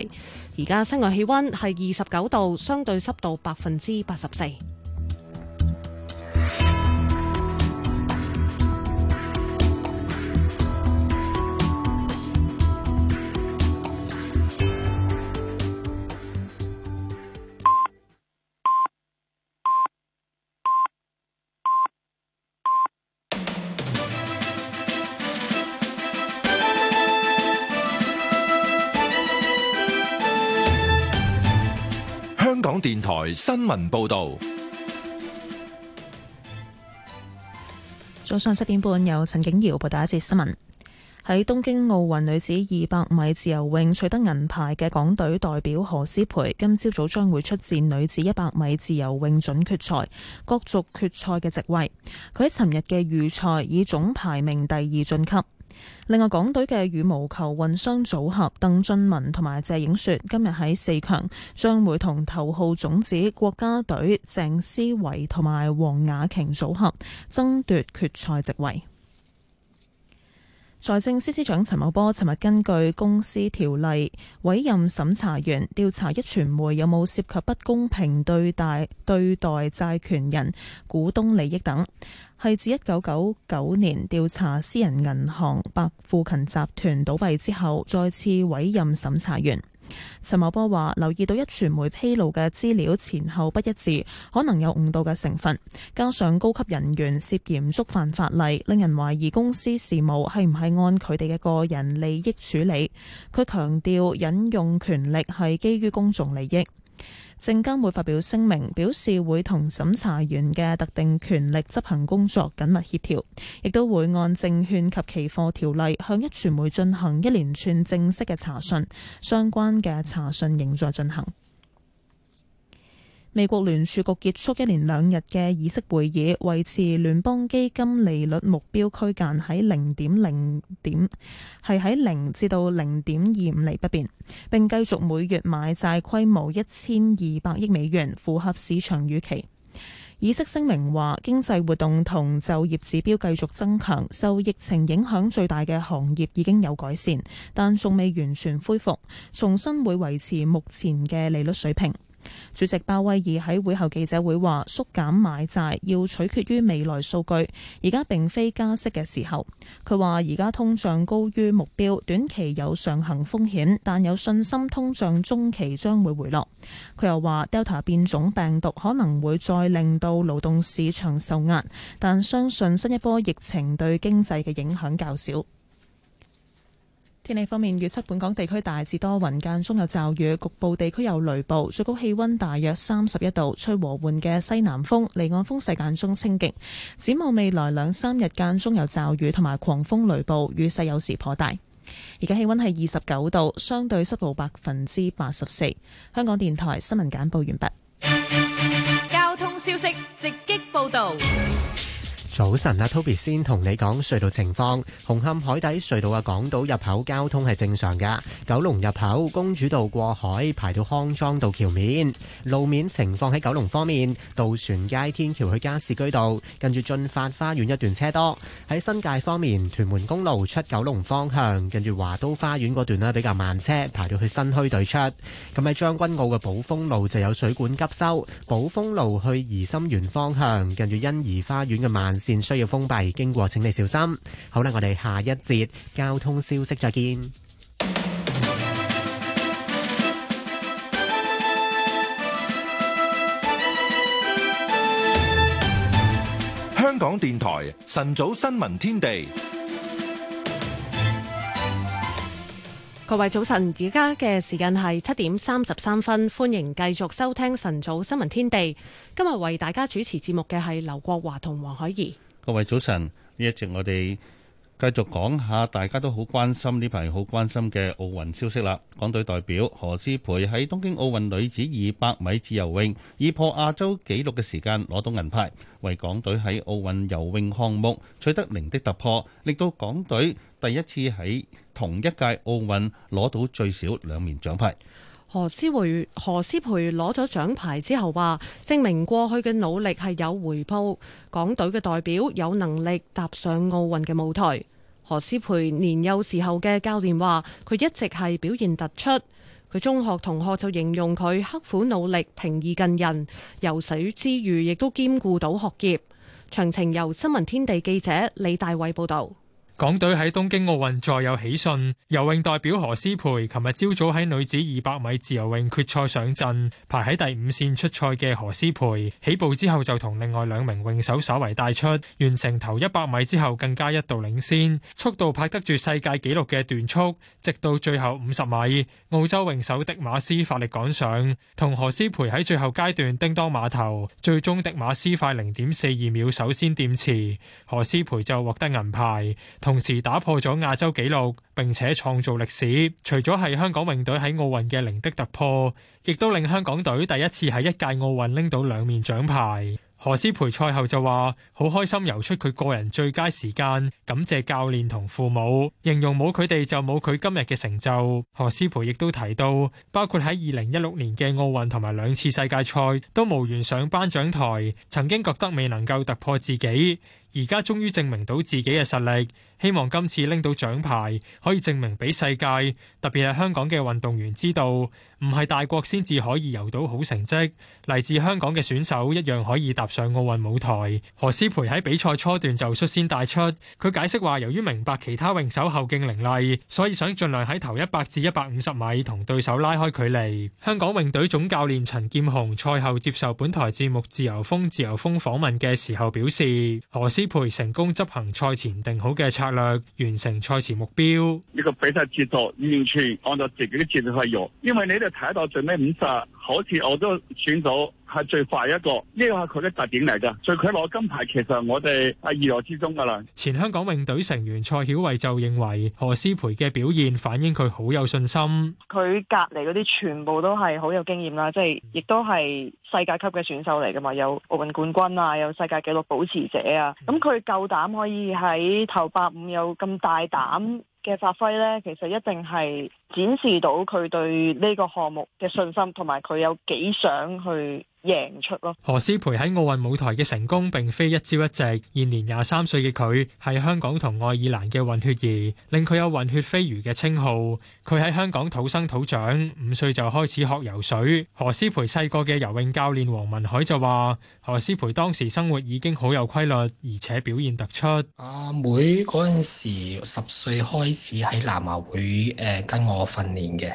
而家室外氣溫係二十九度，相對濕度百分之八十四。電台新聞報道：早上七點半，由陳景瑤報道，一節新聞。喺東京奧運女子二百米自由泳取得銀牌嘅港隊代表何詩蓓，今朝早將會出戰女子一百米自由泳準決賽，角逐決賽嘅席位。佢喺尋日嘅預賽以總排名第二晉級。另外，港隊嘅羽毛球混雙組合鄧俊文同埋謝影雪今日喺四強，將會同頭號種子國家隊鄭思維同埋黃雅瓊組合爭奪決賽席位。財政司司長陳茂波尋日根據公司條例委任審查員調查一傳媒有冇涉及不公平對待對待債權人、股東利益等，係自一九九九年調查私人銀行百富勤集團倒閉之後再次委任審查員。陳茂波話：留意到一傳媒披露嘅資料前後不一致，可能有誤導嘅成分。加上高級人員涉嫌觸犯法例，令人懷疑公司事務係唔係按佢哋嘅個人利益處理。佢強調引用權力係基於公眾利益。證監會發表聲明，表示會同審查員嘅特定權力執行工作緊密協調，亦都會按證券及期貨條例向壹傳媒進行一連串正式嘅查詢，相關嘅查詢仍在進行。美國聯儲局結束一連兩日嘅議息會議，維持聯邦基金利率目標區間喺零點零點，係喺零至到零點二五厘不變，並繼續每月買債規模一千二百億美元，符合市場預期。議息聲明話，經濟活動同就業指標繼續增強，受疫情影響最大嘅行業已經有改善，但仲未完全恢復，重新會維持目前嘅利率水平。主席鮑威爾喺會後記者會話：縮減買債要取決於未來數據，而家並非加息嘅時候。佢話而家通脹高於目標，短期有上行風險，但有信心通脹中期將會回落。佢又話 Delta 變種病毒可能會再令到勞動市場受壓，但相信新一波疫情對經濟嘅影響較少。天氣方面，預測本港地區大致多雲，間中有驟雨，局部地區有雷暴，最高氣溫大約三十一度，吹和緩嘅西南風，離岸風勢間中清勁。展望未來兩三日，間中有驟雨同埋狂風雷暴，雨勢有時頗大。而家氣溫係二十九度，相對濕度百分之八十四。香港電台新聞簡報完畢。交通消息直擊報道。早晨啊，Toby 先同你講隧道情況。紅磡海底隧道嘅港島入口交通係正常噶。九龍入口公主道過海排到康莊道橋面。路面情況喺九龍方面，渡船街天橋去加士居道，跟住駿發花園一段車多。喺新界方面，屯門公路出九龍方向，跟住華都花園嗰段咧比較慢車，排到去新墟對出。咁喺將軍澳嘅寶豐路就有水管急修，寶豐路去怡心園方向，跟住欣怡花園嘅慢。線需要封閉，經過請你小心。好啦，我哋下一節交通消息再見。香港電台晨早新聞天地。各位早晨，而家嘅時間係七點三十三分，歡迎繼續收聽晨早新聞天地。今日為大家主持節目嘅係劉國華同黃海怡。各位早晨，呢一節我哋繼續講下大家都好關心呢排好關心嘅奧運消息啦。港隊代表何詩蓓喺東京奧運女子二百米自由泳以破亞洲紀錄嘅時間攞到銀牌，為港隊喺奧運游泳項目取得零的突破，令到港隊第一次喺同一屆奧運攞到最少兩面獎牌，何詩蓓何詩蓓攞咗獎牌之後話，證明過去嘅努力係有回報，港隊嘅代表有能力踏上奧運嘅舞台。何詩蓓年幼時候嘅教練話，佢一直係表現突出，佢中學同學就形容佢刻苦努力，平易近人，游水之餘亦都兼顧到學業。詳情由新聞天地記者李大偉報道。港隊喺東京奧運再有喜訊，游泳代表何詩蓓，琴日朝早喺女子二百米自由泳決賽上陣，排喺第五線出賽嘅何詩蓓，起步之後就同另外兩名泳手稍為帶出，完成頭一百米之後，更加一度領先，速度拍得住世界紀錄嘅段速，直到最後五十米，澳洲泳手迪馬斯發力趕上，同何詩蓓喺最後階段叮噹馬頭，最終迪馬斯快零點四二秒首先掂池，何詩蓓就獲得銀牌。同時打破咗亞洲紀錄，並且創造歷史。除咗係香港泳隊喺奧運嘅零的突破，亦都令香港隊第一次喺一屆奧運拎到兩面獎牌。何詩蓓賽後就話好開心游出佢個人最佳時間，感謝教練同父母，形容冇佢哋就冇佢今日嘅成就。何詩蓓亦都提到，包括喺二零一六年嘅奧運同埋兩次世界賽都無緣上頒獎台，曾經覺得未能夠突破自己。而家終於證明到自己嘅實力，希望今次拎到獎牌可以證明俾世界，特別係香港嘅運動員知道，唔係大國先至可以游到好成績，嚟自香港嘅選手一樣可以踏上奧運舞台。何詩蓓喺比賽初段就率先帶出，佢解釋話，由於明白其他泳手後勁凌厲，所以想盡量喺頭一百至一百五十米同對手拉開距離。香港泳隊總教練陳劍雄賽後接受本台節目《自由風》《自由風》訪問嘅時候表示，何。支培，成功執行賽前定好嘅策略，完成賽前目標。呢、這個比賽節奏完全按照自己嘅節奏去用，因為你哋睇到最尾五十，好似我都選到。係最快一個，呢個係佢嘅特點嚟噶，所以佢攞金牌其實我哋係意外之中噶啦。前香港泳隊成員蔡曉慧就認為何詩蓓嘅表現反映佢好有信心。佢隔離嗰啲全部都係好有經驗啦，即係亦都係世界級嘅選手嚟噶嘛，有奧運冠軍啊，有世界紀錄保持者啊。咁佢夠膽可以喺頭八五有咁大膽嘅發揮呢？其實一定係展示到佢對呢個項目嘅信心，同埋佢有幾想去。贏出咯！何詩蓓喺奧運舞台嘅成功，並非一朝一夕。現年廿三歲嘅佢，係香港同愛爾蘭嘅混血兒，令佢有混血飛魚嘅稱號。佢喺香港土生土長，五歲就開始學游水。何詩蓓細個嘅游泳教練黃文海就話：何詩蓓當時生活已經好有規律，而且表現突出。阿、啊、妹嗰陣時十歲開始喺南華會誒、呃、跟我訓練嘅，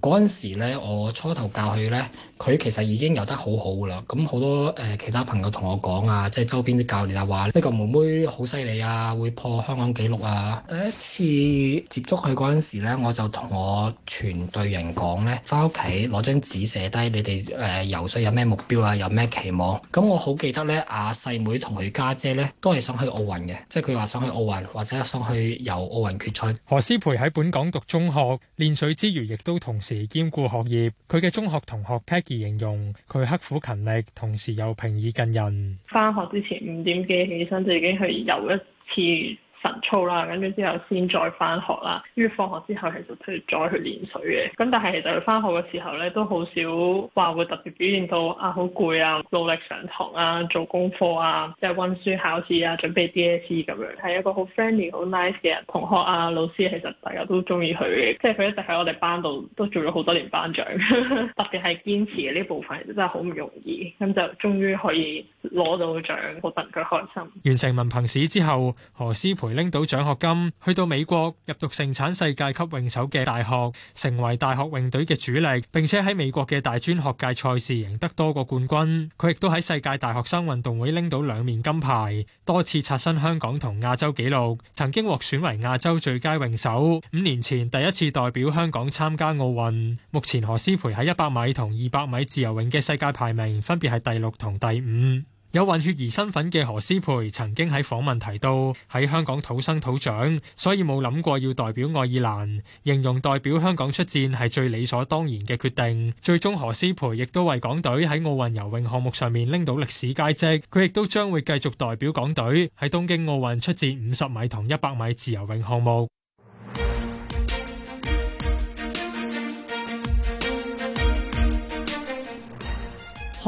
嗰陣時呢我初頭教佢呢。佢其實已經游得好好噶啦，咁好多、呃、其他朋友同我講啊，即係周邊啲教練啊，話呢個妹妹好犀利啊，會破香港紀錄啊！第一次接觸佢嗰陣時呢，我就同我全隊人講呢：「翻屋企攞張紙寫低你哋游水有咩目標啊，有咩期望？咁我好記得呢，阿、啊、細妹同佢家姐呢，都係想去奧運嘅，即係佢話想去奧運或者想去遊奧運決賽。何詩蓓喺本港讀中學，練水之餘亦都同時兼顧學業。佢嘅中學同學而形容佢刻苦勤力，同時又平易近人。返學之前五點幾起身，就已經去游一次。操啦，跟住之後先再翻學啦，於放學之後其實佢再去練水嘅，咁但係其實佢翻學嘅時候咧都好少話會特別表現到啊好攰啊，努力上堂啊，做功課啊，即係温書考試啊，準備 DSE 咁樣，係一個好 friendly 好 nice 嘅人，同學啊、老師其實大家都中意佢嘅，即係佢一直喺我哋班度都做咗好多年班長，呵呵特別係堅持呢部分其實真係好唔容易，咁就終於可以攞到獎，覺得佢開心。完成文憑試之後，何思培呢。拎到獎學金，去到美國入讀盛產世界級泳手嘅大學，成為大學泳隊嘅主力，並且喺美國嘅大專學界賽事贏得多個冠軍。佢亦都喺世界大學生運動會拎到兩面金牌，多次刷新香港同亞洲紀錄，曾經獲選為亞洲最佳泳手。五年前第一次代表香港參加奧運，目前何詩蓓喺一百米同二百米自由泳嘅世界排名分別係第六同第五。有混血兒身份嘅何詩蓓曾經喺訪問提到，喺香港土生土長，所以冇諗過要代表愛爾蘭，形容代表香港出戰係最理所當然嘅決定。最終何詩蓓亦都為港隊喺奧運游泳項目上面拎到歷史佳績，佢亦都將會繼續代表港隊喺東京奧運出戰五十米同一百米自由泳項目。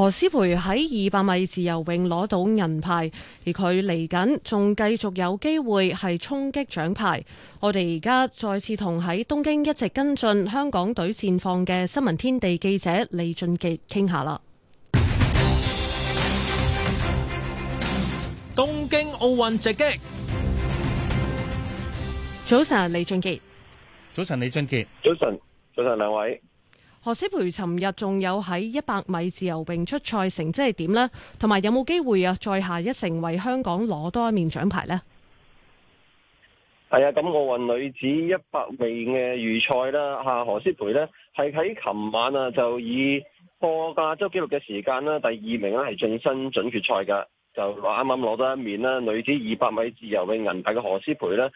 何思培喺二百米自由泳攞到銀牌，而佢嚟緊仲繼續有機會係衝擊獎牌。我哋而家再次同喺東京一直跟進香港隊戰況嘅新聞天地記者李俊杰傾下啦。東京奧運直擊，早晨，李俊杰，早晨，李俊杰，早晨，早晨，兩位。何思培尋日仲有喺一百米自由泳出賽，成績係點咧？同埋有冇機會啊？再下一城為香港攞多一面獎牌呢？係啊，咁奧運女子一百米嘅預賽啦，吓何思培呢，係喺琴晚啊就以破亞洲紀錄嘅時間啦，第二名啦係晉身準決賽噶，就啱啱攞多一面啦。女子二百米自由泳銀牌嘅何思培呢，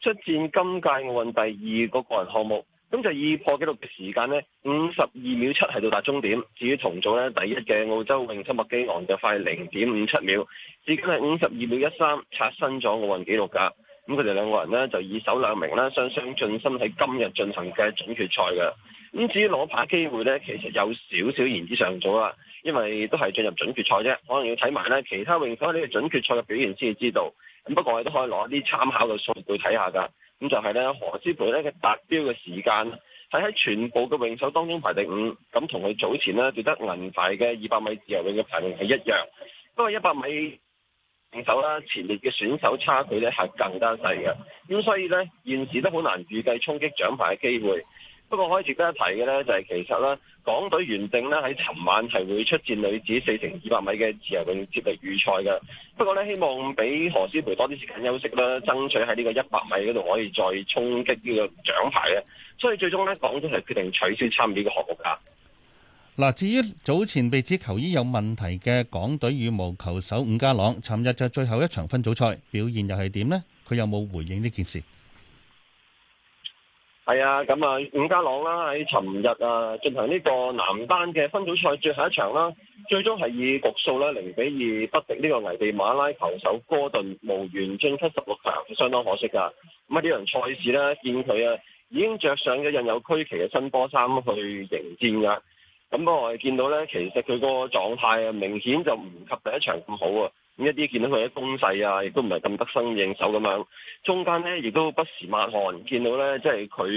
出戰今屆奧運第二個個人項目。咁就以破紀錄嘅時間呢，五十二秒七係到達終點。至於同組呢，第一嘅澳洲泳手麥基昂就快零點五七秒，至今係五十二秒一三刷新咗奧運紀錄㗎。咁佢哋兩個人呢，就以首兩名呢，雙雙進身喺今日進行嘅準決賽㗎。咁至於攞牌機會呢，其實有少少言之尚早啦，因為都係進入準決賽啫，可能要睇埋呢其他泳手喺呢個準決賽嘅表現先至知道。咁不過我哋都可以攞啲參考嘅數據睇下㗎。咁就係咧，何詩蓓咧嘅達標嘅時間係喺全部嘅泳手當中排第五，咁同佢早前呢，奪得銀牌嘅二百米自由泳嘅排名係一樣。不過一百米泳手咧，前列嘅選手差距咧係更加細嘅，咁所以咧現時都好難預計衝擊獎牌嘅機會。不過可以值得一提嘅咧，就係其實咧，港隊原定咧喺尋晚係會出戰女子四乘二百米嘅自由泳接力預賽嘅。不過呢，希望俾何詩蓓多啲時間休息啦，爭取喺呢個一百米嗰度可以再衝擊呢個獎牌嘅。所以最終呢，港隊係決定取消參與呢個項目噶。嗱，至於早前被指球衣有問題嘅港隊羽毛球手伍家朗，尋日就最後一場分組賽表現又係點呢？佢有冇回應呢件事？係啊，咁啊，伍家朗啦，喺尋日啊進行呢個男單嘅分組賽最後一場啦，最終係以局數咧零比二不敵呢個危地馬拉球手哥頓，無緣晉級十六強，相當可惜噶。咁啊呢輪賽事呢，見佢啊已經着上咗印有區旗嘅新波衫去迎戰噶，咁我哋見到呢，其實佢個狀態啊明顯就唔及第一場咁好啊。一啲見到佢喺攻勢啊，亦都唔係咁得心應手咁樣，中間呢，亦都不時抹汗，見到呢，即係佢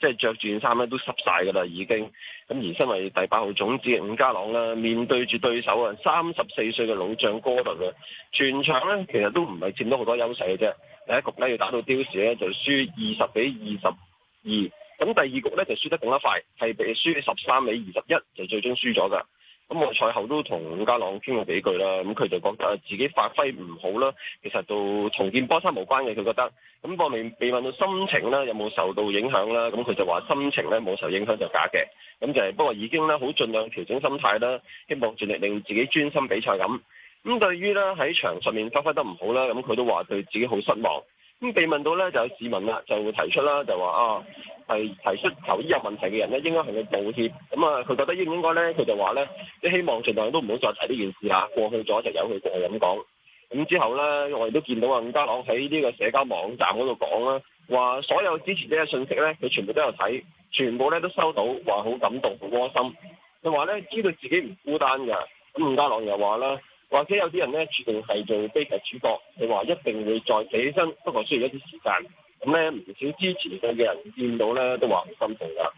即係着住件衫咧都濕晒噶啦已經。咁而身為第八號種子伍家朗啦，面對住對手啊三十四歲嘅老將哥特啊，全場呢，其實都唔係佔到好多優勢嘅啫。第一局呢，要打到丟時呢，就輸二十比二十二，咁第二局呢，就輸得更加快，係比輸十三比二十一就最終輸咗㗎。咁我賽後都同伍家朗傾過幾句啦，咁佢就覺得自己發揮唔好啦，其實就同件波衫無關嘅，佢覺得咁我未被問到心情呢，有冇受到影響啦，咁佢就話心情咧冇受影響就假嘅，咁就係不過已經咧好盡量調整心態啦，希望盡力令自己專心比賽咁。咁對於咧喺場上面發揮得唔好啦，咁佢都話對自己好失望。咁被問到咧，就有市民啦，就會、啊、提出啦，就話啊，係提出球衣有問題嘅人咧，應該係佢道歉。咁啊，佢覺得應唔應該咧，佢就話咧，即希望儘量都唔好再提呢件事啦。過去咗就由佢過咁講。咁之後咧，我哋都見到啊，伍家朗喺呢個社交網站嗰度講啦，話所有支持者嘅信息咧，佢全部都有睇，全部咧都收到，話好感動，好窩心。佢話咧，知道自己唔孤單㗎。咁伍家朗又話啦。或者有啲人呢，注定係做悲劇主角，你話一定會再企起身，不過需要一啲時間。咁呢，唔少支持佢嘅人見到呢，都話好心痛啦。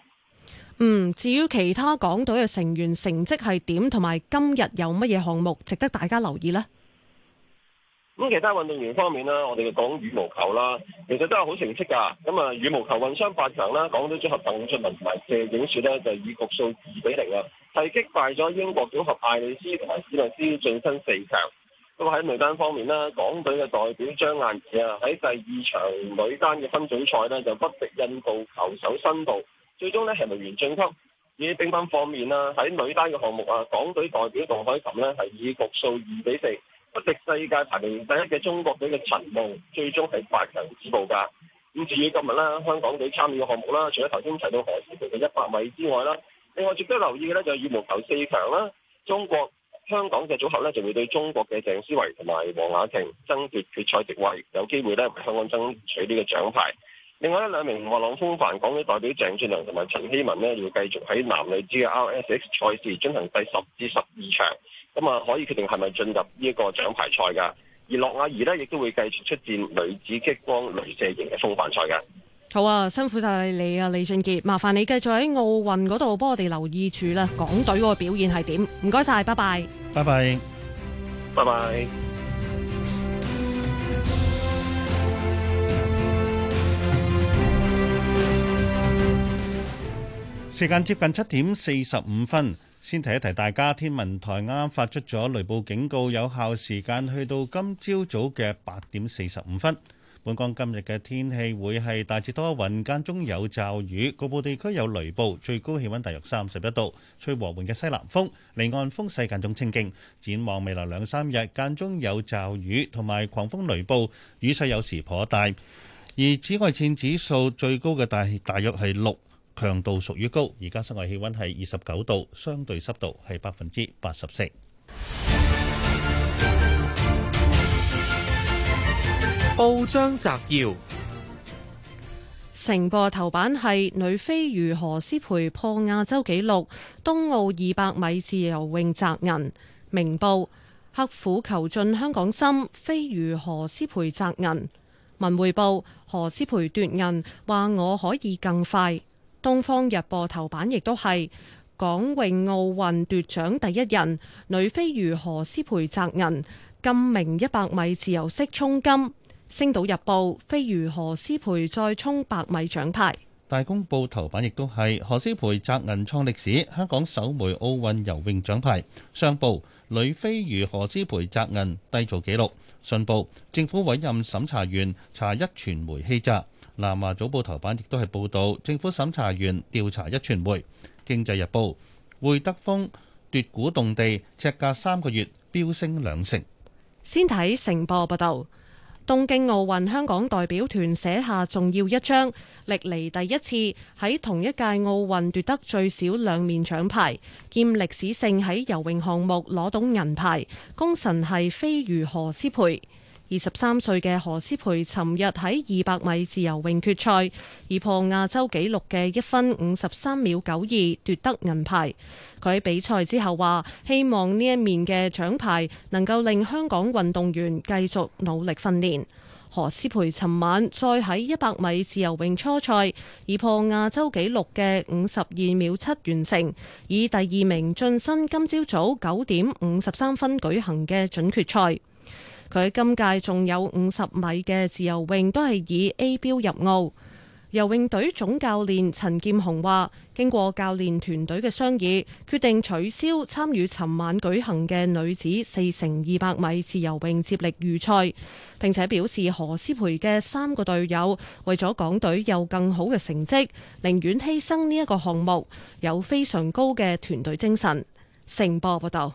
嗯，至於其他港隊嘅成員成績係點，同埋今日有乜嘢項目值得大家留意呢？咁其他運動員方面咧，我哋就講羽毛球啦，其實都係好出色噶。咁啊，羽毛球混雙八強啦，港隊組合鄧俊文同埋謝影雪呢，就以局數二比零啊，係擊敗咗英國組合艾里斯同埋史萊斯最新，晉身四強。咁喺女單方面咧，港隊嘅代表張雁宜啊，喺第二場女單嘅分組賽呢，就不敵印度球手辛度，最終呢，係無緣晉級。喺乒乓方面啦，喺女單嘅項目啊，港隊代表杜凱琹呢，係以局數二比四。不敵世界排名第一嘅中國隊嘅陳夢，最終喺八強止步㗎。咁至於今日啦，香港隊參與嘅項目啦，除咗頭先提到何詩蓓嘅一百米之外啦，另外值得留意嘅咧，就係羽毛球四強啦。中國香港嘅組合咧，就會對中國嘅鄭思維同埋黃雅瓊爭奪決賽席位，有機會咧，為香港爭取呢個獎牌。另外咧，兩名滑浪風帆港隊代表鄭俊良同埋陳希文呢，要繼續喺男女子嘅 RSX 賽事進行第十至十二場。咁啊，可以決定係咪進入呢個獎牌賽噶？而駱阿怡咧，亦都會繼續出戰女子激光鐳射型嘅風帆賽噶。好啊，辛苦晒你啊，李俊傑，麻煩你繼續喺奧運嗰度幫我哋留意住啦，港隊嗰個表現係點？唔該晒，拜拜。拜拜，拜拜。時間接近七點四十五分。先提一提大家，天文台啱啱發出咗雷暴警告，有效時間去到今朝早嘅八點四十五分。本港今日嘅天氣會係大致多雲，間中有驟雨，局部地區有雷暴，最高氣溫大約三十一度，吹和緩嘅西南風，離岸風勢間中清勁。展望未來兩三日，間中有驟雨同埋狂風雷暴，雨勢有時頗大。而紫外線指數最高嘅大大約係六。強度屬於高，而家室外氣温係二十九度，相對濕度係百分之八十四。報章摘要：成報頭版係女飛魚何詩蓓破亞洲紀錄，東奧二百米自由泳摘銀。明報：刻苦求進香港心，飛魚何詩蓓摘銀。文匯報：何詩蓓奪銀，話我可以更快。《東方日報》頭版亦都係港泳奧運奪獎第一人，女飛魚何詩蓓摘銀，今晚一百米自由式衝金。《星島日報》飛魚何詩蓓再衝百米獎牌。《大公報》頭版亦都係何詩蓓摘銀創歷史，香港首枚奧運游泳獎牌。《上報》女飛魚何詩蓓摘銀締造紀錄。《信報》政府委任審查員查壹傳媒欺詐。南華早報頭版亦都係報道，政府審查員調查壹傳媒。經濟日報會德豐奪古洞地，尺價三個月飆升兩成。先睇《成報》報道，東京奧運香港代表團寫下重要一章，歷嚟第一次喺同一屆奧運奪得最少兩面獎牌，兼歷史性喺游泳項目攞到銀牌，功臣係飛魚何詩蓓。二十三歲嘅何詩蓓，尋日喺二百米自由泳決賽，以破亞洲紀錄嘅一分五十三秒九二奪得銀牌。佢喺比賽之後話：希望呢一面嘅獎牌能夠令香港運動員繼續努力訓練。何詩蓓尋晚再喺一百米自由泳初賽，以破亞洲紀錄嘅五十二秒七完成，以第二名晉身今朝早九點五十三分舉行嘅準決賽。佢今屆仲有五十米嘅自由泳都係以 A 標入奧。游泳隊總教練陳劍雄話，經過教練團隊嘅商議，決定取消參與尋晚舉行嘅女子四乘二百米自由泳接力預賽，並且表示何詩蓓嘅三個隊友為咗港隊有更好嘅成績，寧願犧牲呢一個項目，有非常高嘅團隊精神。成波報道。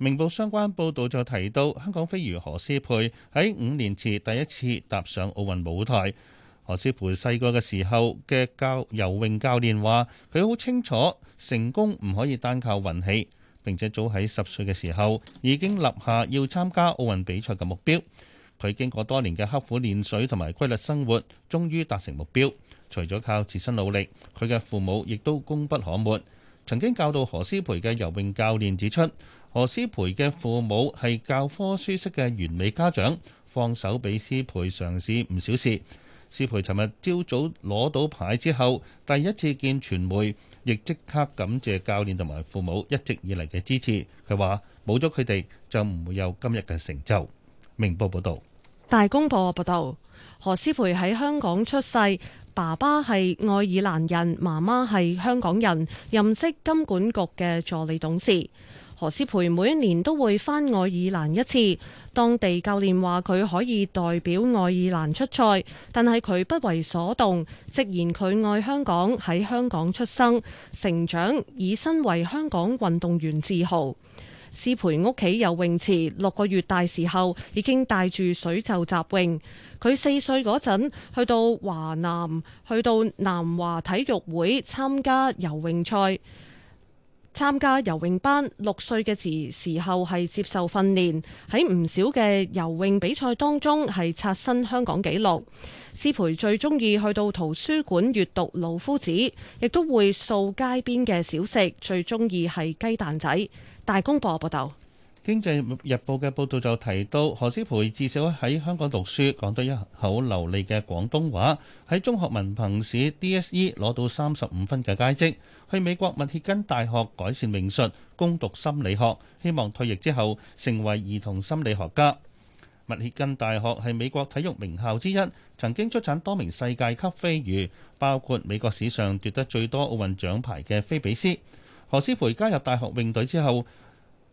明報相關報導就提到，香港飛魚何詩蓓喺五年前第一次踏上奧運舞台。何詩蓓細個嘅時候嘅教游泳教練話：佢好清楚成功唔可以單靠運氣。並且早喺十歲嘅時候已經立下要參加奧運比賽嘅目標。佢經過多年嘅刻苦練水同埋規律生活，終於達成目標。除咗靠自身努力，佢嘅父母亦都功不可沒。曾經教導何詩蓓嘅游泳教練指出。何詩蓓嘅父母係教科書式嘅完美家長，放手俾詩蓓嘗試唔少事。詩蓓尋日朝早攞到牌之後，第一次見傳媒，亦即刻感謝教練同埋父母一直以嚟嘅支持。佢話冇咗佢哋就唔會有今日嘅成就。明報報道，大公報報道，何詩蓓喺香港出世，爸爸係愛爾蘭人，媽媽係香港人，任職金管局嘅助理董事。何思培每一年都會返愛爾蘭一次，當地教練話佢可以代表愛爾蘭出賽，但係佢不為所動，直言佢愛香港，喺香港出生成長，以身為香港運動員自豪。思培屋企游泳池，六個月大時候已經帶住水袖習泳，佢四歲嗰陣去到華南，去到南華體育會參加游泳賽，參加游泳班，六歲嘅時時候係接受訓練，喺唔少嘅游泳比賽當中係刷新香港紀錄。思培最中意去到圖書館閲讀《老夫子》，亦都會掃街邊嘅小食，最中意係雞蛋仔。大公報、啊、報道。經濟日報嘅報道就提到，何詩培至少喺香港讀書，講得一口流利嘅廣東話，喺中學文憑試 DSE 攞到三十五分嘅佳績，去美國密歇根大學改善泳術，攻讀心理學，希望退役之後成為兒童心理學家。密歇根大學係美國體育名校之一，曾經出產多名世界級飛魚，包括美國史上奪得最多奧運獎牌嘅菲比斯。何詩培加入大學泳隊之後，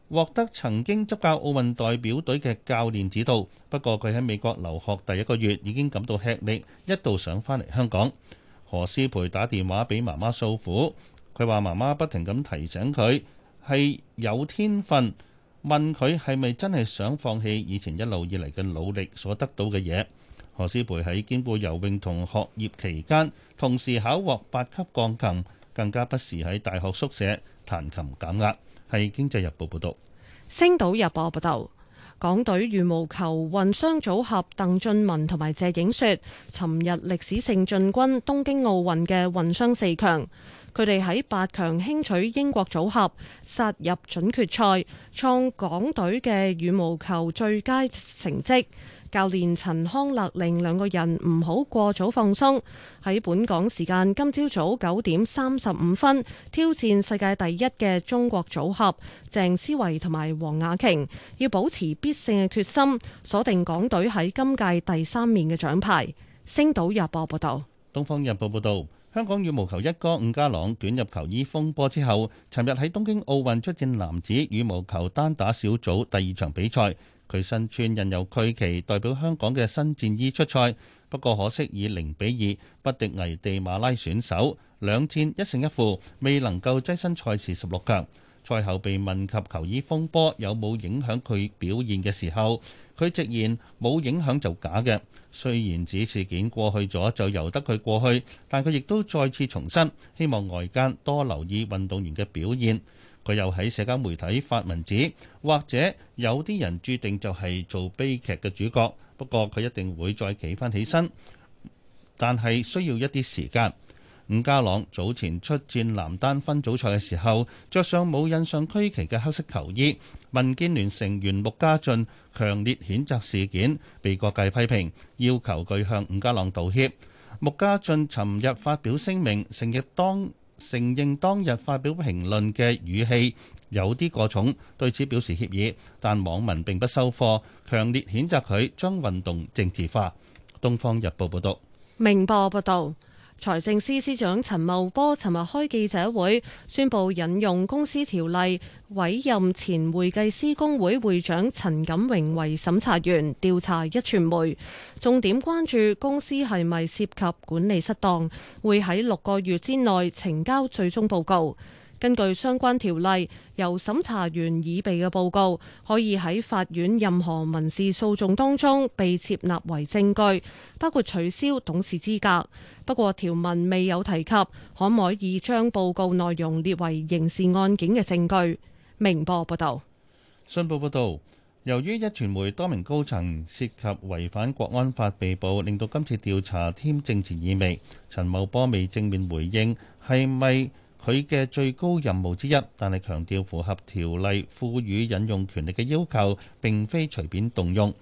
獲得曾經執教奧運代表隊嘅教練指導，不過佢喺美國留學第一個月已經感到吃力，一度想返嚟香港。何詩蓓打電話俾媽媽訴苦，佢話媽媽不停咁提醒佢係有天分，問佢係咪真係想放棄以前一路以嚟嘅努力所得到嘅嘢。何詩蓓喺兼顧游泳同學業期間，同時考獲八級鋼琴，更加不時喺大學宿舍彈琴減壓。係《經濟日報》報導，《星島日報》報導，港隊羽毛球混雙組合鄧俊文同埋謝影雪，尋日歷史性進軍東京奧運嘅混雙四強。佢哋喺八強輕取英國組合，殺入準決賽，創港隊嘅羽毛球最佳成績。教練陳康樂令兩個人唔好過早放鬆。喺本港時間今朝早九點三十五分，挑戰世界第一嘅中國組合鄭思維同埋黃雅瓊，要保持必勝嘅決心，鎖定港隊喺今屆第三面嘅獎牌。星島日報報道。東方日報報道，香港羽毛球一哥伍家朗捲入球衣風波之後，尋日喺東京奧運出戰男子羽毛球單打小組第二場比賽。佢身穿印有區旗代表香港嘅新戰衣出賽，不過可惜以零比二不敵危地馬拉選手，兩戰一勝一負，未能夠躋身賽事十六強。賽後被問及球衣風波有冇影響佢表現嘅時候，佢直言冇影響就假嘅。雖然指事件過去咗就由得佢過去，但佢亦都再次重申，希望外間多留意運動員嘅表現。佢又喺社交媒體發文字，或者有啲人注定就係做悲劇嘅主角。不過佢一定會再企翻起身，但係需要一啲時間。伍家朗早前出戰男單分組賽嘅時候，着上冇印上區旗嘅黑色球衣。民建聯成員穆家俊強烈譴責事件，被各界批評，要求佢向伍家朗道歉。穆家俊尋日發表聲明，承認當。承認當日發表評論嘅語氣有啲過重，對此表示歉意，但網民並不收貨，強烈譴責佢將運動政治化。《東方日報》報道。《明報》報道。財政司司長陳茂波尋日開記者會，宣布引用公司條例委任前會計師公會會長陳錦榮為審查員，調查壹傳媒，重點關注公司係咪涉及管理失當，會喺六個月之內呈交最終報告。根據相關條例，由審查員擬備嘅報告可以喺法院任何民事訴訟當中被接納為證據，包括取消董事資格。不過條文未有提及可唔可以將報告內容列為刑事案件嘅證據。明報報道，信報報道，由於壹傳媒多名高層涉及違反國安法被捕，令到今次調查添政治意味。陳茂波未正面回應係咪。佢嘅最高任務之一，但係強調符合條例賦予引用權力嘅要求，並非隨便動用。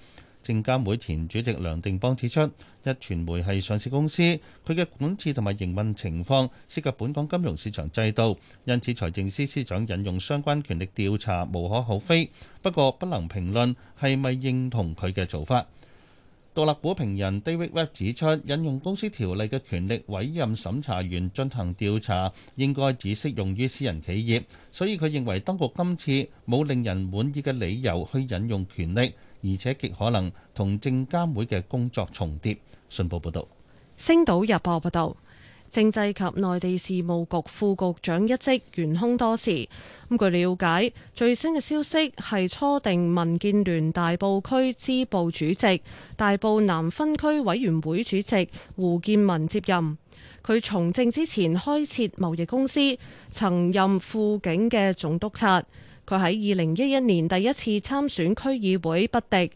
證監會前主席梁定邦指出，一傳媒係上市公司，佢嘅管治同埋營運情況涉及本港金融市場制度，因此財政司司長引用相關權力調查無可厚非，不過不能評論係咪認同佢嘅做法。獨立股評人 David Webb 指出，引用公司條例嘅權力委任審查員進行調查，應該只適用於私人企業，所以佢認為當局今次冇令人滿意嘅理由去引用權力，而且極可能同證監會嘅工作重疊。信報報道，星島日報報道。政制及內地事務局副局長一職懸空多時，咁據了解，最新嘅消息係初定民建聯大埔區支部主席、大埔南分區委員會主席胡健民接任。佢從政之前開設貿易公司，曾任輔警嘅總督察。佢喺二零一一年第一次參選區議會不敵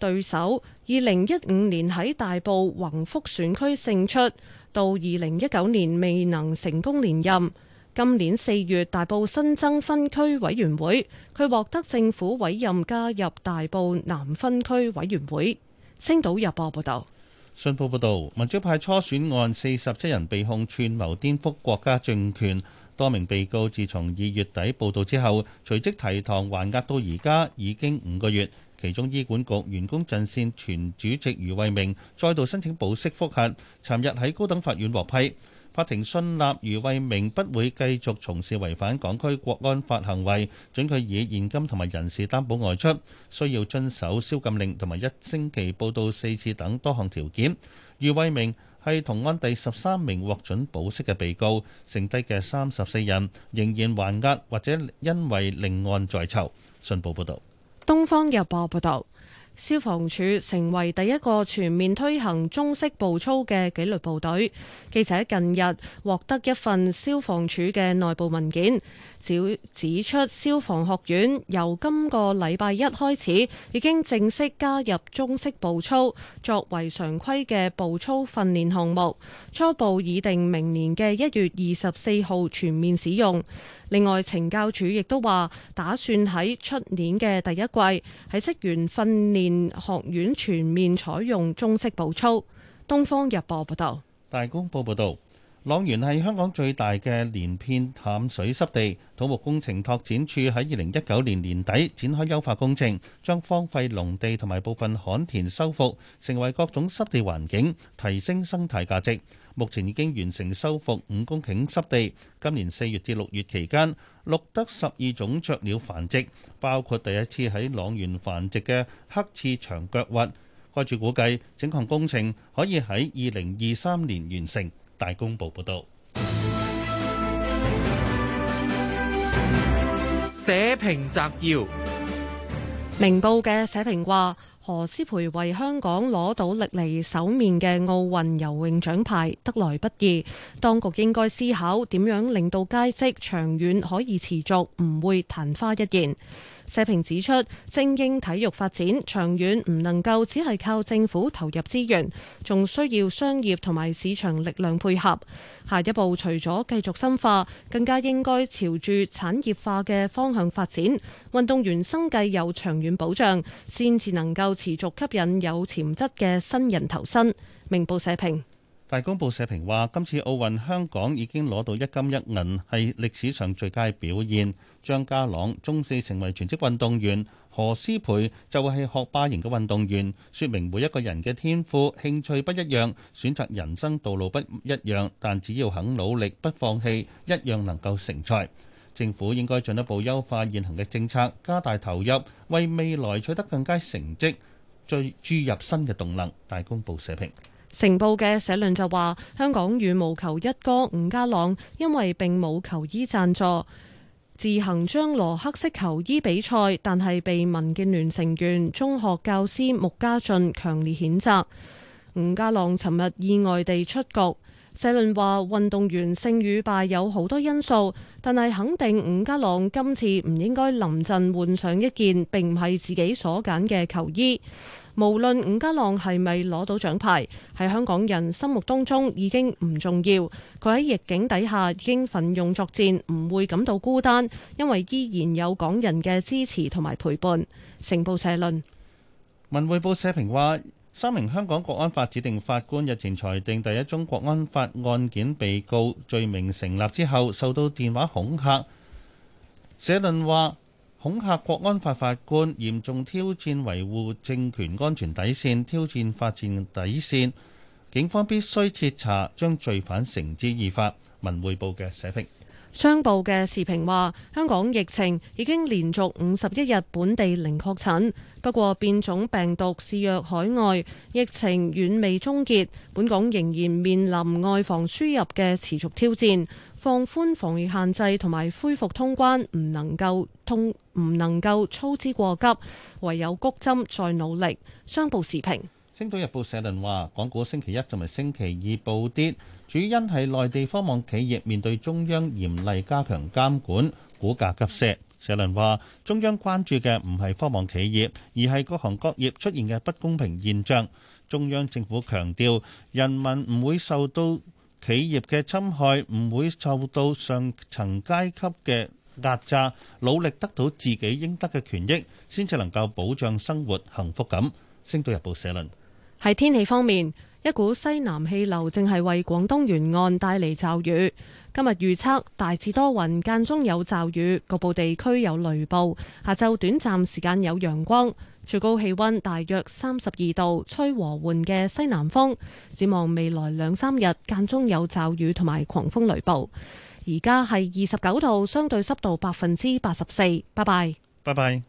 對手，二零一五年喺大埔宏福選區勝出。到二零一九年未能成功連任。今年四月，大埔新增分區委員會，佢獲得政府委任加入大埔南分區委員會。星島日報報道。信報報道，民主派初選案四十七人被控串謀顛覆國家政權，多名被告自從二月底報到之後隨即提堂，還押到而家已經五個月。其中醫管局員工陣線前主席余慧明再度申請保釋覆核，尋日喺高等法院獲批。法庭信納余慧明不會繼續從事違反港區國安法行為，准佢以現金同埋人事擔保外出，需要遵守宵禁令同埋一星期報到四次等多項條件。余慧明係同案第十三名獲准保釋嘅被告，剩低嘅三十四人仍然還押或者因為另案在囚。信報報導。東方日報報道，消防處成為第一個全面推行中式步操嘅紀律部隊。記者近日獲得一份消防處嘅內部文件，指指出消防學院由今個禮拜一開始已經正式加入中式步操，作為常規嘅步操訓練項目。初步擬定明年嘅一月二十四號全面使用。另外，懲教署亦都話，打算喺出年嘅第一季喺職員訓練學院全面採用中式步操。《東方日報》報道，《大公報》報道，朗園係香港最大嘅連片淡水濕地，土木工程拓展處喺二零一九年年底展開優化工程，將荒廢農地同埋部分旱田收復，成為各種濕地環境，提升生態價值。目前已經完成修復五公頃濕地，今年四月至六月期間錄得十二種雀鳥繁殖，包括第一次喺朗園繁殖嘅黑翅長腳鷸。據住估計，整項工程可以喺二零二三年完成。大公報報導。社評摘要，明報嘅社評話。何詩蓓為香港攞到歷嚟首面嘅奧運游泳獎牌，得來不易。當局應該思考點樣令到佳績長遠可以持續，唔會曇花一現。社評指出，精英體育發展長遠唔能夠只係靠政府投入資源，仲需要商業同埋市場力量配合。下一步除咗繼續深化，更加應該朝住產業化嘅方向發展。運動員生計有長遠保障，先至能夠持續吸引有潛質嘅新人投身。明報社評。大公報社評話：今次奧運，香港已經攞到一金一銀，係歷史上最佳表現。張家朗中四成為全職運動員，何詩蓓就會係學霸型嘅運動員，說明每一個人嘅天賦興趣不一樣，選擇人生道路不一樣，但只要肯努力、不放棄，一樣能夠成才。政府應該進一步優化現行嘅政策，加大投入，為未來取得更佳成績再注入新嘅動能。大公報社評。成報嘅社論就話：香港羽毛球一哥伍家朗因為並冇球衣贊助，自行張羅黑色球衣比賽，但係被民建聯成員、中學教師穆家駿強烈譴責。伍家朗尋日意外地出局，社論話運動員勝與敗有好多因素，但係肯定伍家朗今次唔應該臨陣換上一件並唔係自己所揀嘅球衣。無論伍家朗係咪攞到獎牌，喺香港人心目當中已經唔重要。佢喺逆境底下已經奮勇作戰，唔會感到孤單，因為依然有港人嘅支持同埋陪伴。成報社論，文匯報社評話：三名香港國安法指定法官日前裁定第一宗國安法案件被告罪名成立之後，受到電話恐嚇。社論話。恐嚇國安法法官，嚴重挑戰維護政權安全底線，挑戰法治底線。警方必須徹查，將罪犯繩之以法。文匯報嘅社評，商報嘅時評話：香港疫情已經連續五十一日本地零確診，不過變種病毒肆虐海外，疫情遠未終結。本港仍然面臨外防輸入嘅持續挑戰。放寬防疫限制同埋恢復通關，唔能夠通，唔能夠操之過急，唯有谷針再努力。商報時評，《星島日報》社論話：港股星期一同埋星期二暴跌，主因係內地科網企業面對中央嚴厲加強監管，股價急瀉。社論話：中央關注嘅唔係科網企業，而係各行各業出現嘅不公平現象。中央政府強調，人民唔會受到。企業嘅侵害，唔會受到上層階級嘅壓榨，努力得到自己應得嘅權益，先至能夠保障生活幸福感。星島日報社論。喺天氣方面，一股西南氣流正係為廣東沿岸帶嚟驟雨。今日預測大致多雲，間中有驟雨，局部地區有雷暴，下晝短暫時間有陽光。最高氣溫大約三十二度，吹和緩嘅西南風。展望未來兩三日，間中有驟雨同埋狂風雷暴。而家係二十九度，相對濕度百分之八十四。拜拜，拜拜。